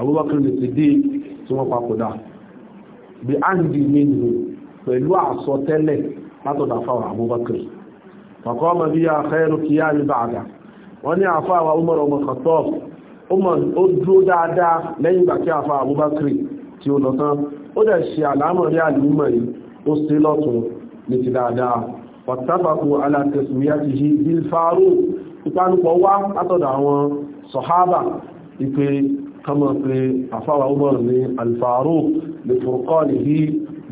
S1: abubakar ni tí wọ́n papòdà bi ahdi minhu pẹ̀lú àsọtẹ́lẹ̀ látọ̀dà fáwọn Abubakar kọ̀kọ́ ọmọ bí i àkẹ́rù kí á ní bàdà wọ́n ní àfá àwọn Umar ọmọ Khattab ó dúró dáadáa lẹ́yìn ìgbà kí àfá Abubakar tí ó lọ tán ó dẹ̀ ṣe àlámọ̀ àlùmọ̀ yìí ó sí lọ́tún ní ti dáadáa ọ̀tàfàkù alátẹ̀sùmíyàtì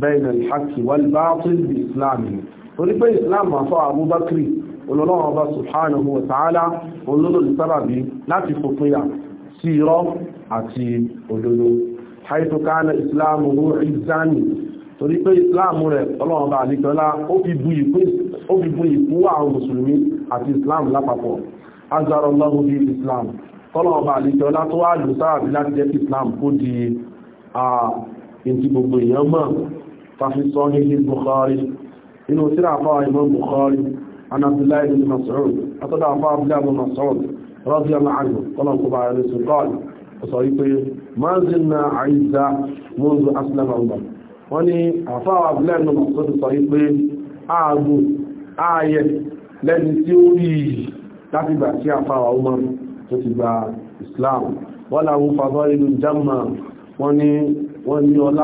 S1: bẹ́ẹ̀nà ìhàkì wal-bāṭil bí ìsìláàmù torí pé ìsìláàmù àfọ́ abúbákiri olólọ́wọ́ bá subhanahu wa ta'ala olólò ní sábàbí láti fòpinya sí irọ́ àti òdodo haythu kana ìsìláàmù rú ìzánì torí pé ìsìláàmù rẹ̀ ọlọ́wọ́ bá nìkanlá ó fi bu ìkún àwọn mùsùlùmí àti ìsìláàmù lápapọ̀ azarallahu bí ففي صحيح البخاري إنه سرع فاعل البخاري بخاري عن عبد الله بن مسعود أتدع عبد الله بن مسعود رضي الله عنه قال قبع عليه قال وصيبه ما زلنا عزة منذ أسلم عمر وني عفا عبد الله بن مسعود صيبه أعبو آية لن تيوري láti gbà tí àfáwà Umar tó ti gba Islam wọ́n láwọn fàbọ́ ìlú jama wọ́n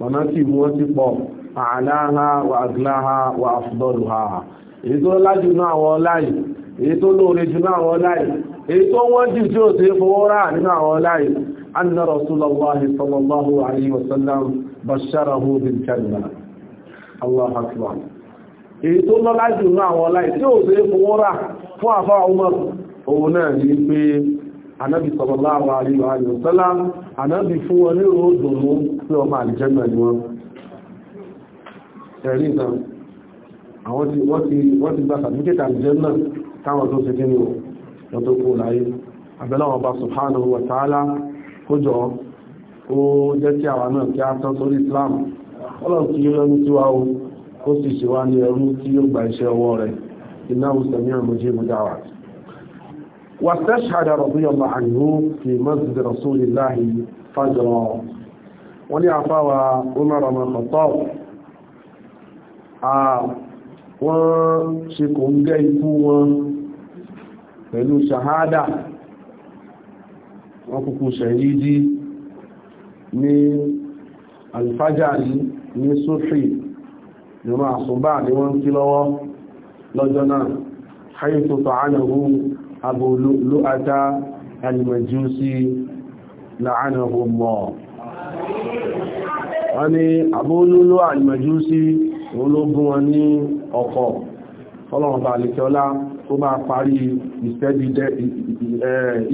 S1: mọ̀nàtìbù wọn ti pọ̀ àláha wà àgláha wa àfùdọ́lù ha èyí tó lájú náà àwọn láì èyí to lóore jù náà na láì èyí tó wọ́n jù tí anna sallallahu basharahu bil janna allah akbar èyí to lọ́lá jù na àwọn láì tí ó sì fowó rà umar anábì sallallahu alaihi wa sallam anábì fún wọn ní òdòdó sí ọmọ àlìjẹ́mẹ̀ ni wọn ẹ̀rí nǹkan àwọn tí wọ́n ti gba sàtífíkẹ́tì àlìjẹ́mẹ̀ táwọn tó ṣe kíni wọ́n tó kú láyé àbẹ́láwọn bá subhanahu wa ta'ala kó jọ ó jẹ́ kí àwa náà kí á tán sórí Islam واستشهد رضي الله عنه في مسجد رسول الله فجرا wọ́n ní àfáwà Umar ọmọ Khattab wọ́n ṣe kò ń gẹ́ ikú wọn pẹ̀lú ṣàhádà wọ́n kúkú ṣẹ̀yídí ní alfajari ní sófì nínú àṣùgbà ní wọ́n kí lọ́wọ́ lọ́jọ́ náà haythu ta'anahu abu lu'ata al-majusi la'anahu Allah wọ́n ni abu lu'ata al-majusi ológun wọn ní ọkọ̀ ọlọ́run bá alìkọ́lá ó bá parí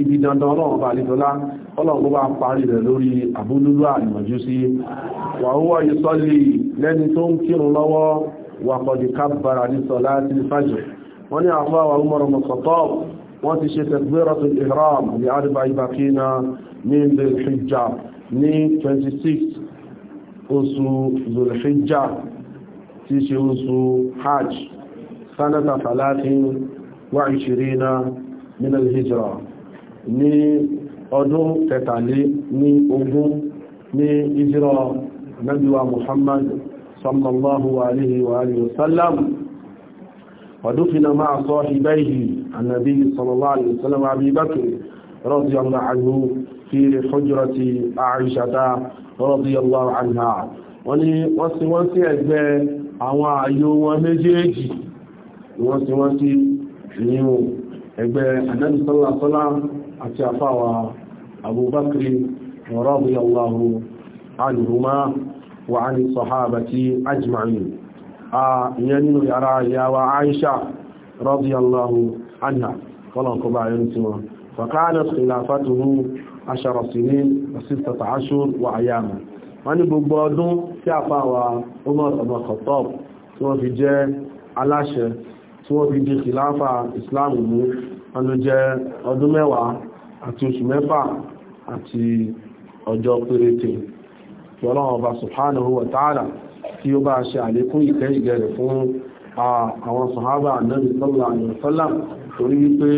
S1: ibi dandan ọlọ́run bá alìkọ́lá ọlọ́run bá parí rẹ̀ lórí abu lu'ata al-majusi wa huwa yusalli lẹ́ni tó ń kírun lọ́wọ́ wà kọ̀dù kábàrà ní sọ̀lá sí fàjọ̀ wọ́n ni àwọn àwọn wọ́n ti ṣe takbiratul ihram ní àdìbà ìbàkínà ní zulhijjá ní 26 oṣù zulhijjá tí ṣe oṣù hajj sanata talatin wa ishirina min alhijra ní ọdún kẹtàlé ní ogún ní ìjírọ̀ nabiwa muhammad sallallahu alaihi wa alihi wasallam wa dufina ma'a sahibayhi النبي صلى الله عليه وسلم أبي بكر رضي الله عنه في حجرة عائشة رضي الله عنها ولي وسوسي أجباء àwọn ààyò wọn méjèèjì wọ́n sí wọ́n sí nínú ẹgbẹ́ Ànábì sallallahu alaihi wasallam àti àfáwà Abubakri radiyallahu anhuma wa ani sahabati ajma'in a ìyẹn nínú yàrá ìyàwó Aisha radiyallahu anha kọ́lọ̀kọ́ bá yẹn tí wọn fàkánà khilafatuhu ashara sinin wa sittata ashur wa ayyam wọ́n ní gbogbo ọdún tí a fà wá Umar ibn Khattab tí wọ́n fi jẹ́ aláṣẹ tí wọ́n fi di khilafa Islam mú ọdún jẹ́ ọdún mẹ́wàá àti ó bá ṣe àlékún ìkẹ́ ìgẹ̀rẹ̀ fún àwọn sàhábà Ànábì sallallahu alaihi wasallam torí wípé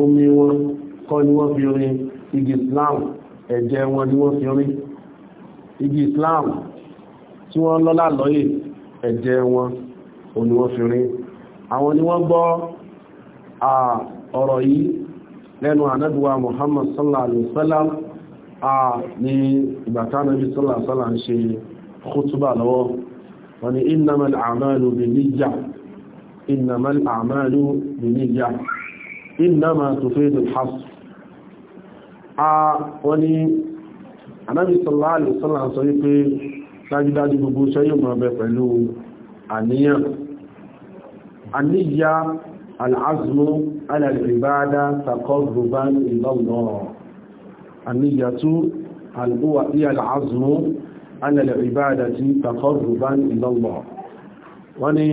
S1: omi wọn kọ́ ni wọ́n fi rin igi Islam ẹ̀jẹ̀ wọn ni wọ́n fi rin igi Islam tí wọ́n lọ́lá lọ́yè ẹ̀jẹ̀ wọn ò ní wọ́n fi rin àwọn ni wọ́n gbọ́ ọ̀rọ̀ yìí lẹ́nu ànábíwá Muhammad sallallahu alaihi a ní ìgbàtánábí sallallahu alaihi ṣe khutbah lọ́wọ́ wọ́n ni innamal a'malu bin إنما الأعمال بالنية إنما تفيد الحصر wani anábi sallallahu alaihi wasallam sọ wípé dájúdájú gbogbo iṣẹ́ yóò mọ̀ bẹ pẹ̀lú àníyàn àníyà al'azmu ala al-ibada taqarruban ila Allah àníyàtú al'uwa iya al'azmu ala al-ibadati taqarruban ila Allah wọ́n ní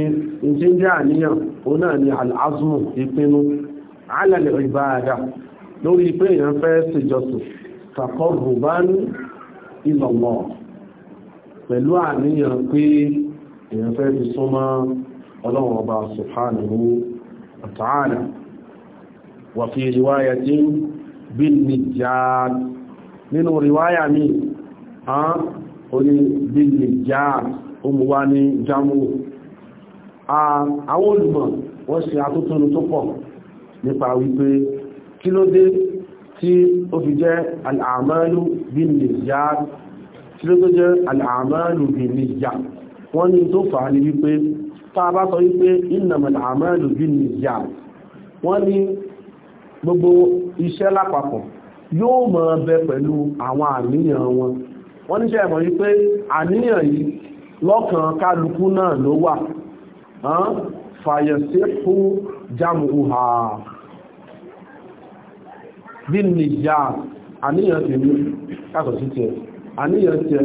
S1: ìṣe ń jẹ́ àníyàn òun náà ni al-azmu ìpinnu alal ibada lórí pé èèyàn fẹ́ ṣèjọsìn taqarruban ila Allah pẹ̀lú àníyàn pé èèyàn fẹ́ fi súnmọ́ ọlọ́run ọba subhanahu wa ta'ala wa fi riwayatin ní bin Um, àwọn olùmọ̀ wọ́n ṣe àtútúnu tó pọ̀ nípa wípé kí ló dé tí ó fi jẹ́ al'amalu bin niyyat tí ló tó jẹ́ al'amalu bin niyyat wọ́n ní tó fà ní wípé tá a bá sọ wípé innamal a'malu bin niyyat wọ́n ní gbogbo iṣẹ́ lápapọ̀ yóò mọ̀ bẹ pẹ̀lú àwọn àníyàn wọn wọ́n níṣẹ́ mọ̀ wípé àníyàn yìí lọ́kàn kálukú náà ló wà fàyẹ̀síhù jámùhà bí nìyà àníyàn ti ní kásọ̀ sí tẹ̀ àníyàn tẹ̀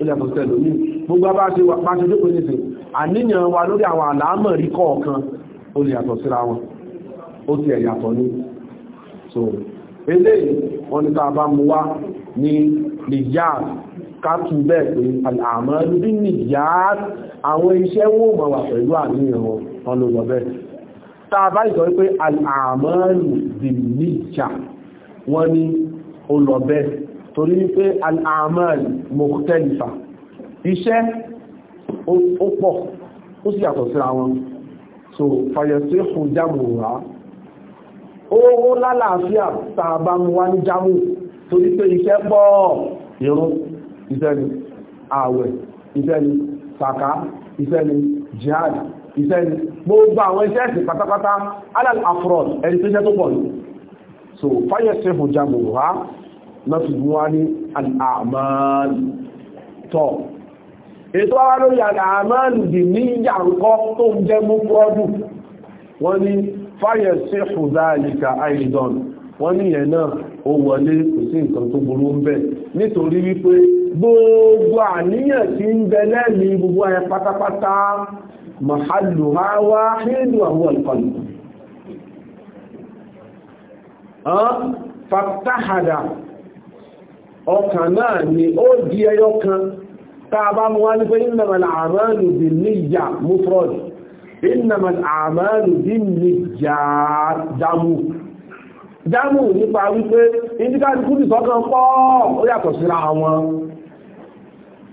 S1: ilẹ̀kùn tẹ̀lú ní gbogbo bá ṣe wà pàṣẹ jókòó ní ṣe àníyàn wa lórí àwọn àlàámọ̀ rí kọ̀ọ̀kan ó lè yàtọ̀ síra wọn ó ti ẹ̀yàtọ̀ ní so eléyìí wọn ni tá bá mú wá ní nìyà kátù bẹ́ẹ̀ pé àmọ́lú bí nìyà àwọn iṣẹ́ wó mọ̀ wà pẹ̀lú àníyàn wọn ló lọ bẹ́ẹ̀ tàbá ìsọ̀ wípé àmọ́lù bí nìyà wọ́n ní ó lọ bẹ́ẹ̀ torí wípé àmọ́lù mọ̀kútẹ́lifà iṣẹ́ ó pọ̀ ó sì yàtọ̀ síra wọn so fàyẹ̀sí fún jámù rà ó lálàáfíà tàbá ní jámù torí pé iṣẹ́ pọ̀ ìrún iṣẹ́ ni ààwẹ̀ iṣẹ́ ni sàká iṣẹ́ ni jihad iṣẹ́ ni gbogbo àwọn iṣẹ́ ẹ̀sìn pátápátá alal afrod ẹni tó iṣẹ́ tó pọ̀ so fáyẹ̀ sẹ́fù jamu ha lọ́tù wá ní al'amáàlù tọ́ ètò ara lórí al'amáàlù di ní yàǹkọ́ tó ń jẹ́ mú pọ́ọ̀dù wọ́n ní fáyẹ̀ sẹ́fù dáàlìkà àìdán wọ́n ní yẹn náà ó wọlé kò sí nǹkan tó burú ń bẹ nítorí wípé gbogbo àníyàn tí ń bẹ lẹ́ẹ̀mí gbogbo ayẹ pátápátá mahalu ha wá nínú àwọn ìkọlù fatahada ọkàn náà ni ó di ẹyọ kan tá bá mú wá ní pé innamal a'malu bin niyya mufrad innamal a'malu bin niyya damu jámù nípa wípé indikálukú ti sọ́kàn pọ́ ó yàtọ̀ síra wọn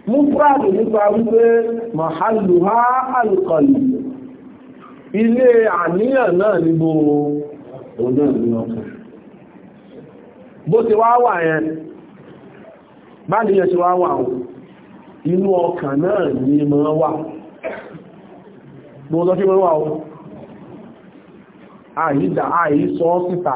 S1: múfúrádì nípa wípé mahaluha alkọlì ilé àníyàn náà níbo òun náà ní ọkàn bó ti wá wà yẹn bá níyàn ti wá wà wọn inú ọkàn náà ní mọ́ wà mo sọ mọ́ wà wọn àyídà àyí sọ síta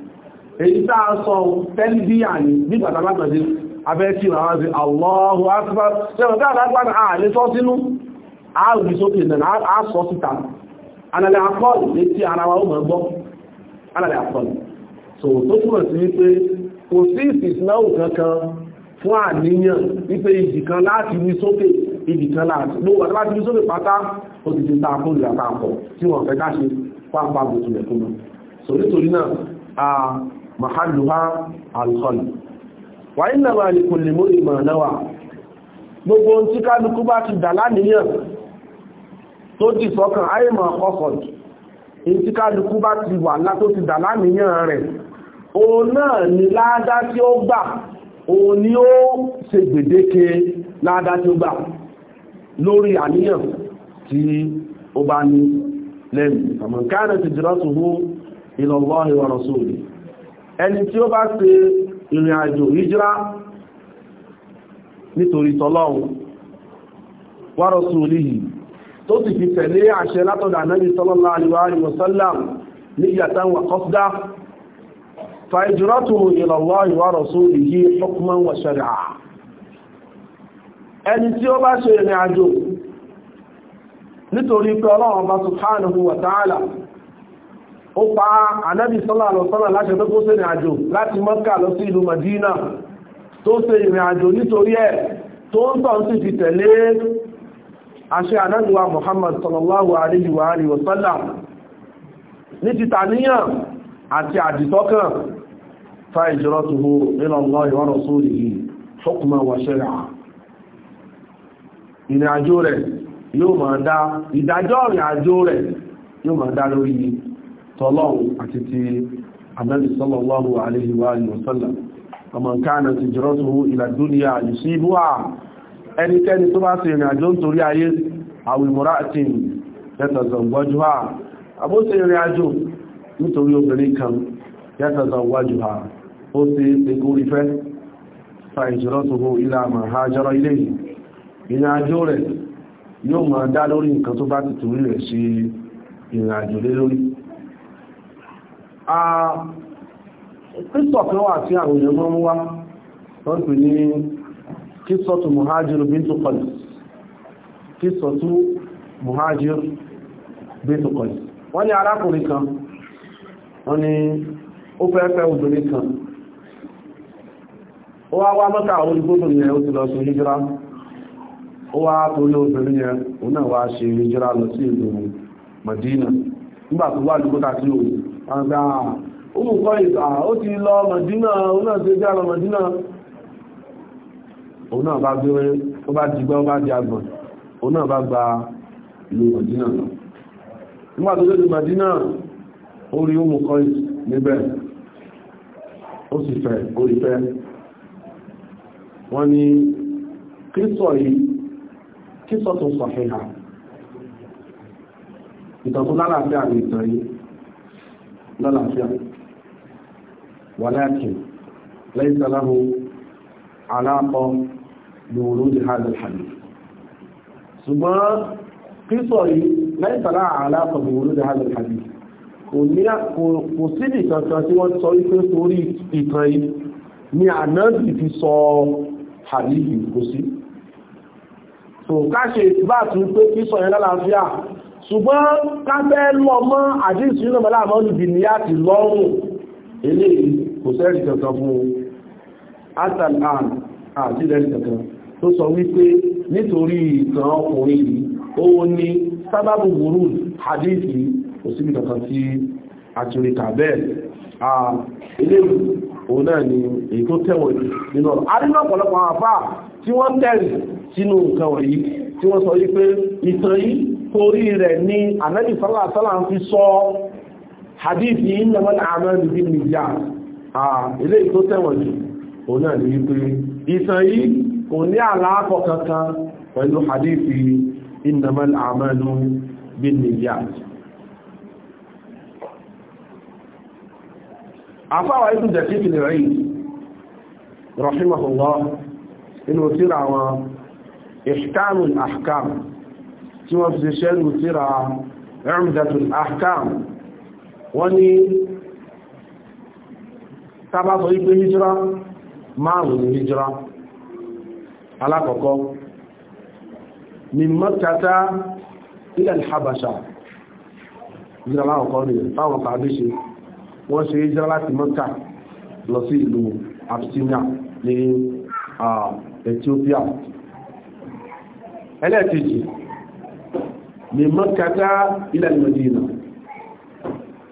S1: èyí tá a sọ tẹ́lbíyà ní nígbà tàbátàdé abẹ́ tí wọ́n wá sí Allahu Akbar tẹ́wọ̀n tí àdágbàdà ààrẹ sọ sínú ààrùn sókè náà a sọ síta alàlẹ́ àkọọ̀lù lé tí ara wa ó mọ̀ gbọ́ alàlẹ́ àkọọ̀lù so tó túnmọ̀ sí wípé kò sí ìsìsìnáwò kankan fún àníyàn wípé ibìkan láti wí sókè ibìkan láti ló wà láti wí sókè pátá ó ti ti ta fún ìràpapọ̀ tí wọ́n fẹ́ káṣe pápá gbòtù rẹ̀ fún mi so nítorí náà mahalluha alkọlù wà ní nàmà ní kò lè mú ìmọ̀ náwà gbogbo tí kálukú bá ti dà lánìyàn tó ti sọ́kàn àìmọ̀ ọkọ̀ọ̀dù tí kálukú bá ti wà látó ti dà lánìyàn rẹ̀ òun náà ni láádá tí ó gbà òun ni ó ṣe gbèdéke láádá tí ó gbà lórí àníyàn tí ó bá ní lẹ́nu àmọ̀kánà ti jìrọ́tù hú ila ẹni tí ó bá ṣe ìrìn àjò hijira nítorí tọ́lọ́run wa rasulihi tó sì fi tẹ̀lé àṣẹ látọ̀dọ̀ ànábì sallallahu alaihi wasallam niyyatan wa qasda fa hijratuhu ila Allahi wa rasulihi hukman wa nítorí pé Ọlọ́run bá subhanahu wa ta'ala ó pa ànábì sọ́lá àlọ́sọ́lá láṣẹ tó kó sí ìrìn àjò láti mọ́kà lọ sí ìlú madina tó ṣe ìrìn àjò nítorí ẹ̀ tó ń tọ́ sí ti tẹ̀lé muhammad sallallahu alayhi wa alihi wa sallam ní ti tàníyàn àti àdìtọ́kàn fa ila Allah wa rasulihi ìrìn àjò rẹ̀ yóò máa dá ìdájọ́ ìrìn àjò rẹ̀ yóò máa dá lórí tọ́lọ́run àti ti Ànábì sallallahu alaihi wa sallam ọmọ kánà ti jọrọ́ tó ila dunya yusibuha ẹnikẹ́ni tó bá ṣe ìrìn àjò ń torí ayé àwìmọ̀rá àti yẹ́tàzọ̀gbọ́jú ha àbó ṣe ìrìn àjò nítorí obìnrin kan yẹ́tàzọ̀gbọ́jú ha ó ṣe ẹkórí fẹ́ fa ìjọrọ́ tó ila ma hajara ilayhi ìrìn àjò rẹ̀ ìrìn àjò lé lórí kíṣọ̀ kan wà tí àwọn èèyàn wá wọ́n pè ní kíṣọ̀ tó muhajiru bintu Qais kíṣọ̀ wọ́n ni arákùnrin kan wọ́n ni ó fẹ́ obìnrin kan ó wá wá mọ́ta àwọn olùgbóbìnrin yẹn ó ti lọ sí hijira ó wá torí obìnrin yẹn ó náà wá Madina wà sí àgbà olùkọ́ ìta ó ti lọ mọ̀dínà òun náà tó jára mọ̀dínà òun náà bá gbé ó bá dìgbà ó bá di agbọ̀n òun náà bá gba ìlú mọ̀dínà lọ nígbà tó lórí mọ̀dínà ó rí olùkọ́ níbẹ̀ ó sì fẹ́ orí fẹ́ wọ́n ní kíso yìí kíso tó sọ̀fẹ́ ìtàn tó lálàáfíà ní ìtàn yìí lálàáfíà walakin laysa lahu alaqa bi wurudi hadha al-hadith ṣùgbọ́n kíso yìí lẹ́yìn tàbí àlàkọ̀ ìwòrò dẹ̀ hàlẹ̀ ìhàlẹ̀ kò sí ní ìtàntàn tí wọ́n sọ wípé sórí ìtàn yìí ni ànáàdì fi sọ hàlìhì kò sí ṣùgbọ́n kábẹ́ lọ mọ́ àdíṣù nínú mọ́lá àmọ́ olùbí ní àti lọ́rùn ilé kò sẹ́rì kankan fún atal an àti ilẹ̀ kankan tó sọ wípé nítorí ìtàn ọkùnrin yìí ó ní sábàbù burú àdíṣì kò síbi kankan sí àtúríkà bẹ́ẹ̀ ilé òun náà ni èyí tó tẹ̀wọ̀n nínú ọ̀rọ̀ arínú ọ̀pọ̀lọpọ̀ àwọn àfáà tí wọ́n tẹ̀rì sínú nǹkan wọ̀nyí tí wọ́n sọ wípé ìtàn yìí torí rẹ̀ ni ànábì sọ́lá sọ́lá ń fi sọ hadithi innamal a'malu bin niyyat ilé tó tẹ̀wọ̀n jù òun náà ní wípé ìtàn yìí kò ní àlàáfọ̀ kankan pẹ̀lú hadithi innamal a'malu bin niyyat àfáwà ibn Daqiq tí wọ́n fi ṣẹ́rù tíra Umdatul Ahkam wọ́n ní tábàtọ̀ ipé hijira márùn-ún hijira alákọ̀ọ́kọ́ min Makkata ila al-Habasha hijira alákọ̀ọ́kọ́ rẹ̀ táwọn tàbí ṣe wọ́n ṣe hijira láti Makka lọ sí ìlú Abyssinia ní Ethiopia ẹlẹ́ẹ̀kejì ní mọ́kàtà ilẹ̀ Madina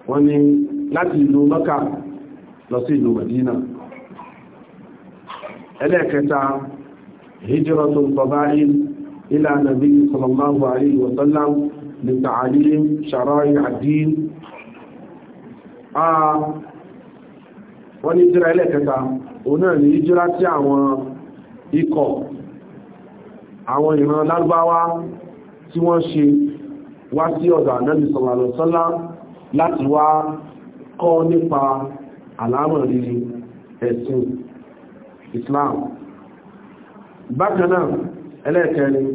S1: wọ́n ní láti ìlú mọ́kà lọ sí ìlú Madina ẹlẹ́ẹ̀kẹta hijiratul fadail ila nabi sallallahu alayhi wa sallam li ta'alim shara'i ad-din wọ́n ní hijira ẹlẹ́ẹ̀kẹta òun náà ní tí wọ́n ṣe wá sí ọ̀dọ̀ ànábì sallallahu alaihi wasallam láti wá kọ́ nípa àlámọ̀rí ẹ̀sìn Islam bákan náà ẹlẹ́ẹ̀kẹrin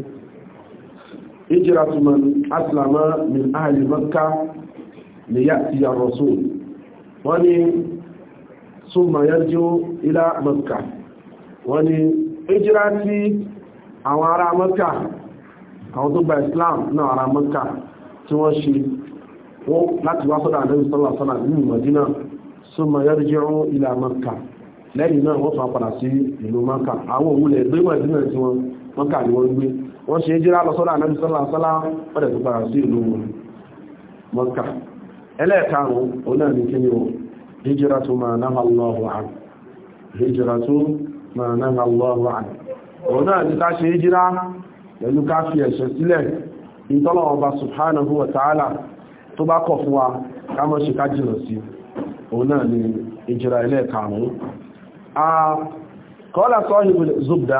S1: hijratu man aslama min ahli Makkah li ya'ti ar-rasul wọ́n ni summa yarju ila Makkah wọ́n ni hijira tí àwọn ará Makkah àwọn tó gba Islam náà ara tí wọ́n ṣe wọ́n láti wá sọ́dọ̀ àdéhùn sọ́lá sọ́lá nínú Mẹ́dínà ilẹ̀ náà wọ́n fà padà sí ìlú Mẹ́kà àwọn òwúlẹ̀ tí wọ́n Mẹ́kà ni wọ́n gbé wọ́n ṣe jíra lọ sọ́dọ̀ sọ́lá sọ́lá wọ́n ìlú ẹlẹ́ẹ̀karùn-ún òun náà ní ṣe hijira pẹ̀lú ká fi ẹ̀ṣẹ̀ sílẹ̀ ìtọ́lọ̀ ọba subhanahu wa ta'ala tó bá kọ̀ fún wa ká mọ́ ṣe ká jìnà sí òun náà ni ìjìra ilẹ̀ karùn-ún kọ́lá sọ́yìn zubda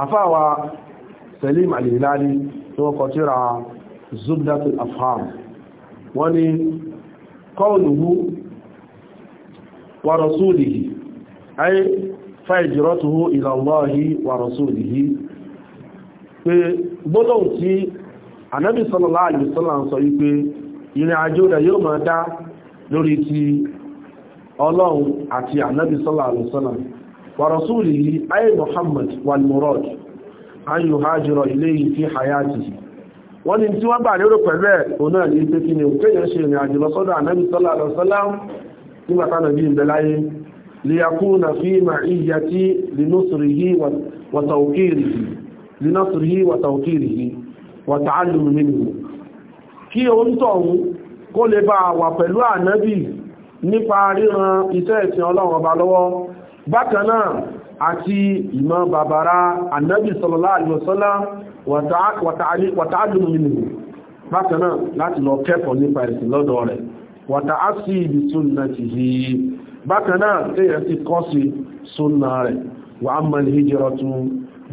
S1: àfáwà salim alìláàrí tó wọ́n kọtíra zubda tó afham wọ́n ni kọ́ọ̀lùhú wa ay fa hijratuhu ila Allahi pé gbólóhùn tí anábì sallallahu alaihi wasallam sọ wípé ìrìn àjò rẹ̀ yóò máa dá lórí ti ọlọ́run àti anábì sallallahu alaihi wasallam wa rasulihi ayé muhammad wal murad an yuhajira ilayhi fi hayatihi wọ́n ní tí wọ́n bà lérò pẹ̀lú ẹ̀ òun náà ní pé kí ni linasrihi wa tawqirihi wa ta'allum minhu kí o ń tọ̀hún kó lè bá wà pẹ̀lú ànábì nípa ríran iṣẹ́ ìsìn ọlọ́run ọba lọ́wọ́ bákan náà àti ìmọ̀ bàbára ànábì sallallahu alaihi wasallam wa ta'allum minhu bákan náà láti lọ kẹ́kọ̀ọ́ nípa ìsìn lọ́dọ̀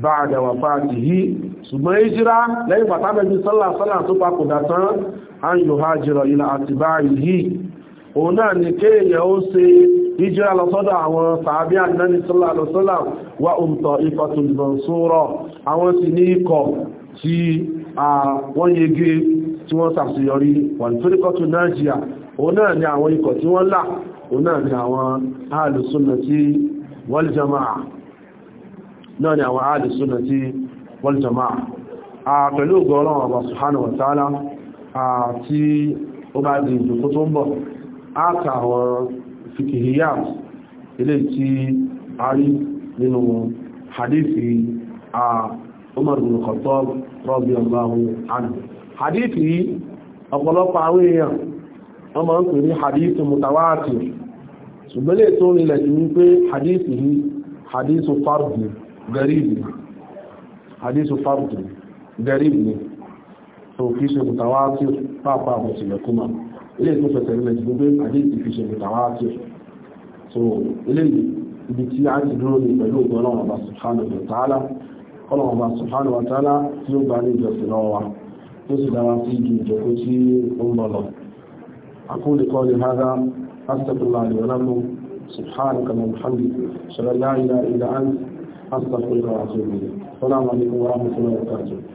S1: báàdà wà fáàtì yìí ṣùgbọ́n ìjírá lẹ́yìn pàtàkì sọ́là sọ́là tó papòdà tán an yóò ha jìrọ ilẹ̀ àti báyìí òun náà ni kéèyàn ó ṣe ìjírá lọ́sọ́dọ̀ àwọn sàábí ànáni sọ́là lọ́sọ́là wà òǹtọ̀ ifatul mansura àwọn sì ní ikọ̀ tí wọ́n yege tí náà ni àwọn ahlu sunnati wal jamaa pẹ̀lú ògbọ́ràn ọ̀rọ̀ subhanahu wa ta'ala tí ó bá di ìdòkó tó ń bọ̀ áta àwọn fikihiyat ilé tí a rí nínú hadithi a Umar bin Khattab radiyallahu anhu hadithi ọ̀pọ̀lọpọ̀ àwọn èèyàn wọ́n ní hadithi hadithi hadithi fardu gẹ̀ríb ni hadisu fardu gẹ̀ríb ni so kí ṣe mutawatir pápá àwọn ìṣẹ̀lẹ̀ kúmà ilé ìtún fẹsẹ̀ ilẹ̀ ìgbó pé hadisu fi ṣe mutawatir so ilé ibi tí a ti dúró ní pẹ̀lú ọgbọ́n ọba subhanahu wa ta'ala ọlọ́run ọba subhanahu wa ta'ala tí ó gbà ní ìjọsìn lọ́wọ́ wa tó sì dára sí ìjì ìjọkó tí ó ń bọ̀ lọ أقول قولي هذا أستغفر الله لي ولكم سبحانك اللهم وبحمدك أشهد أن لا إله إلا أنت أصدق الله السلام عليكم ورحمة الله وبركاته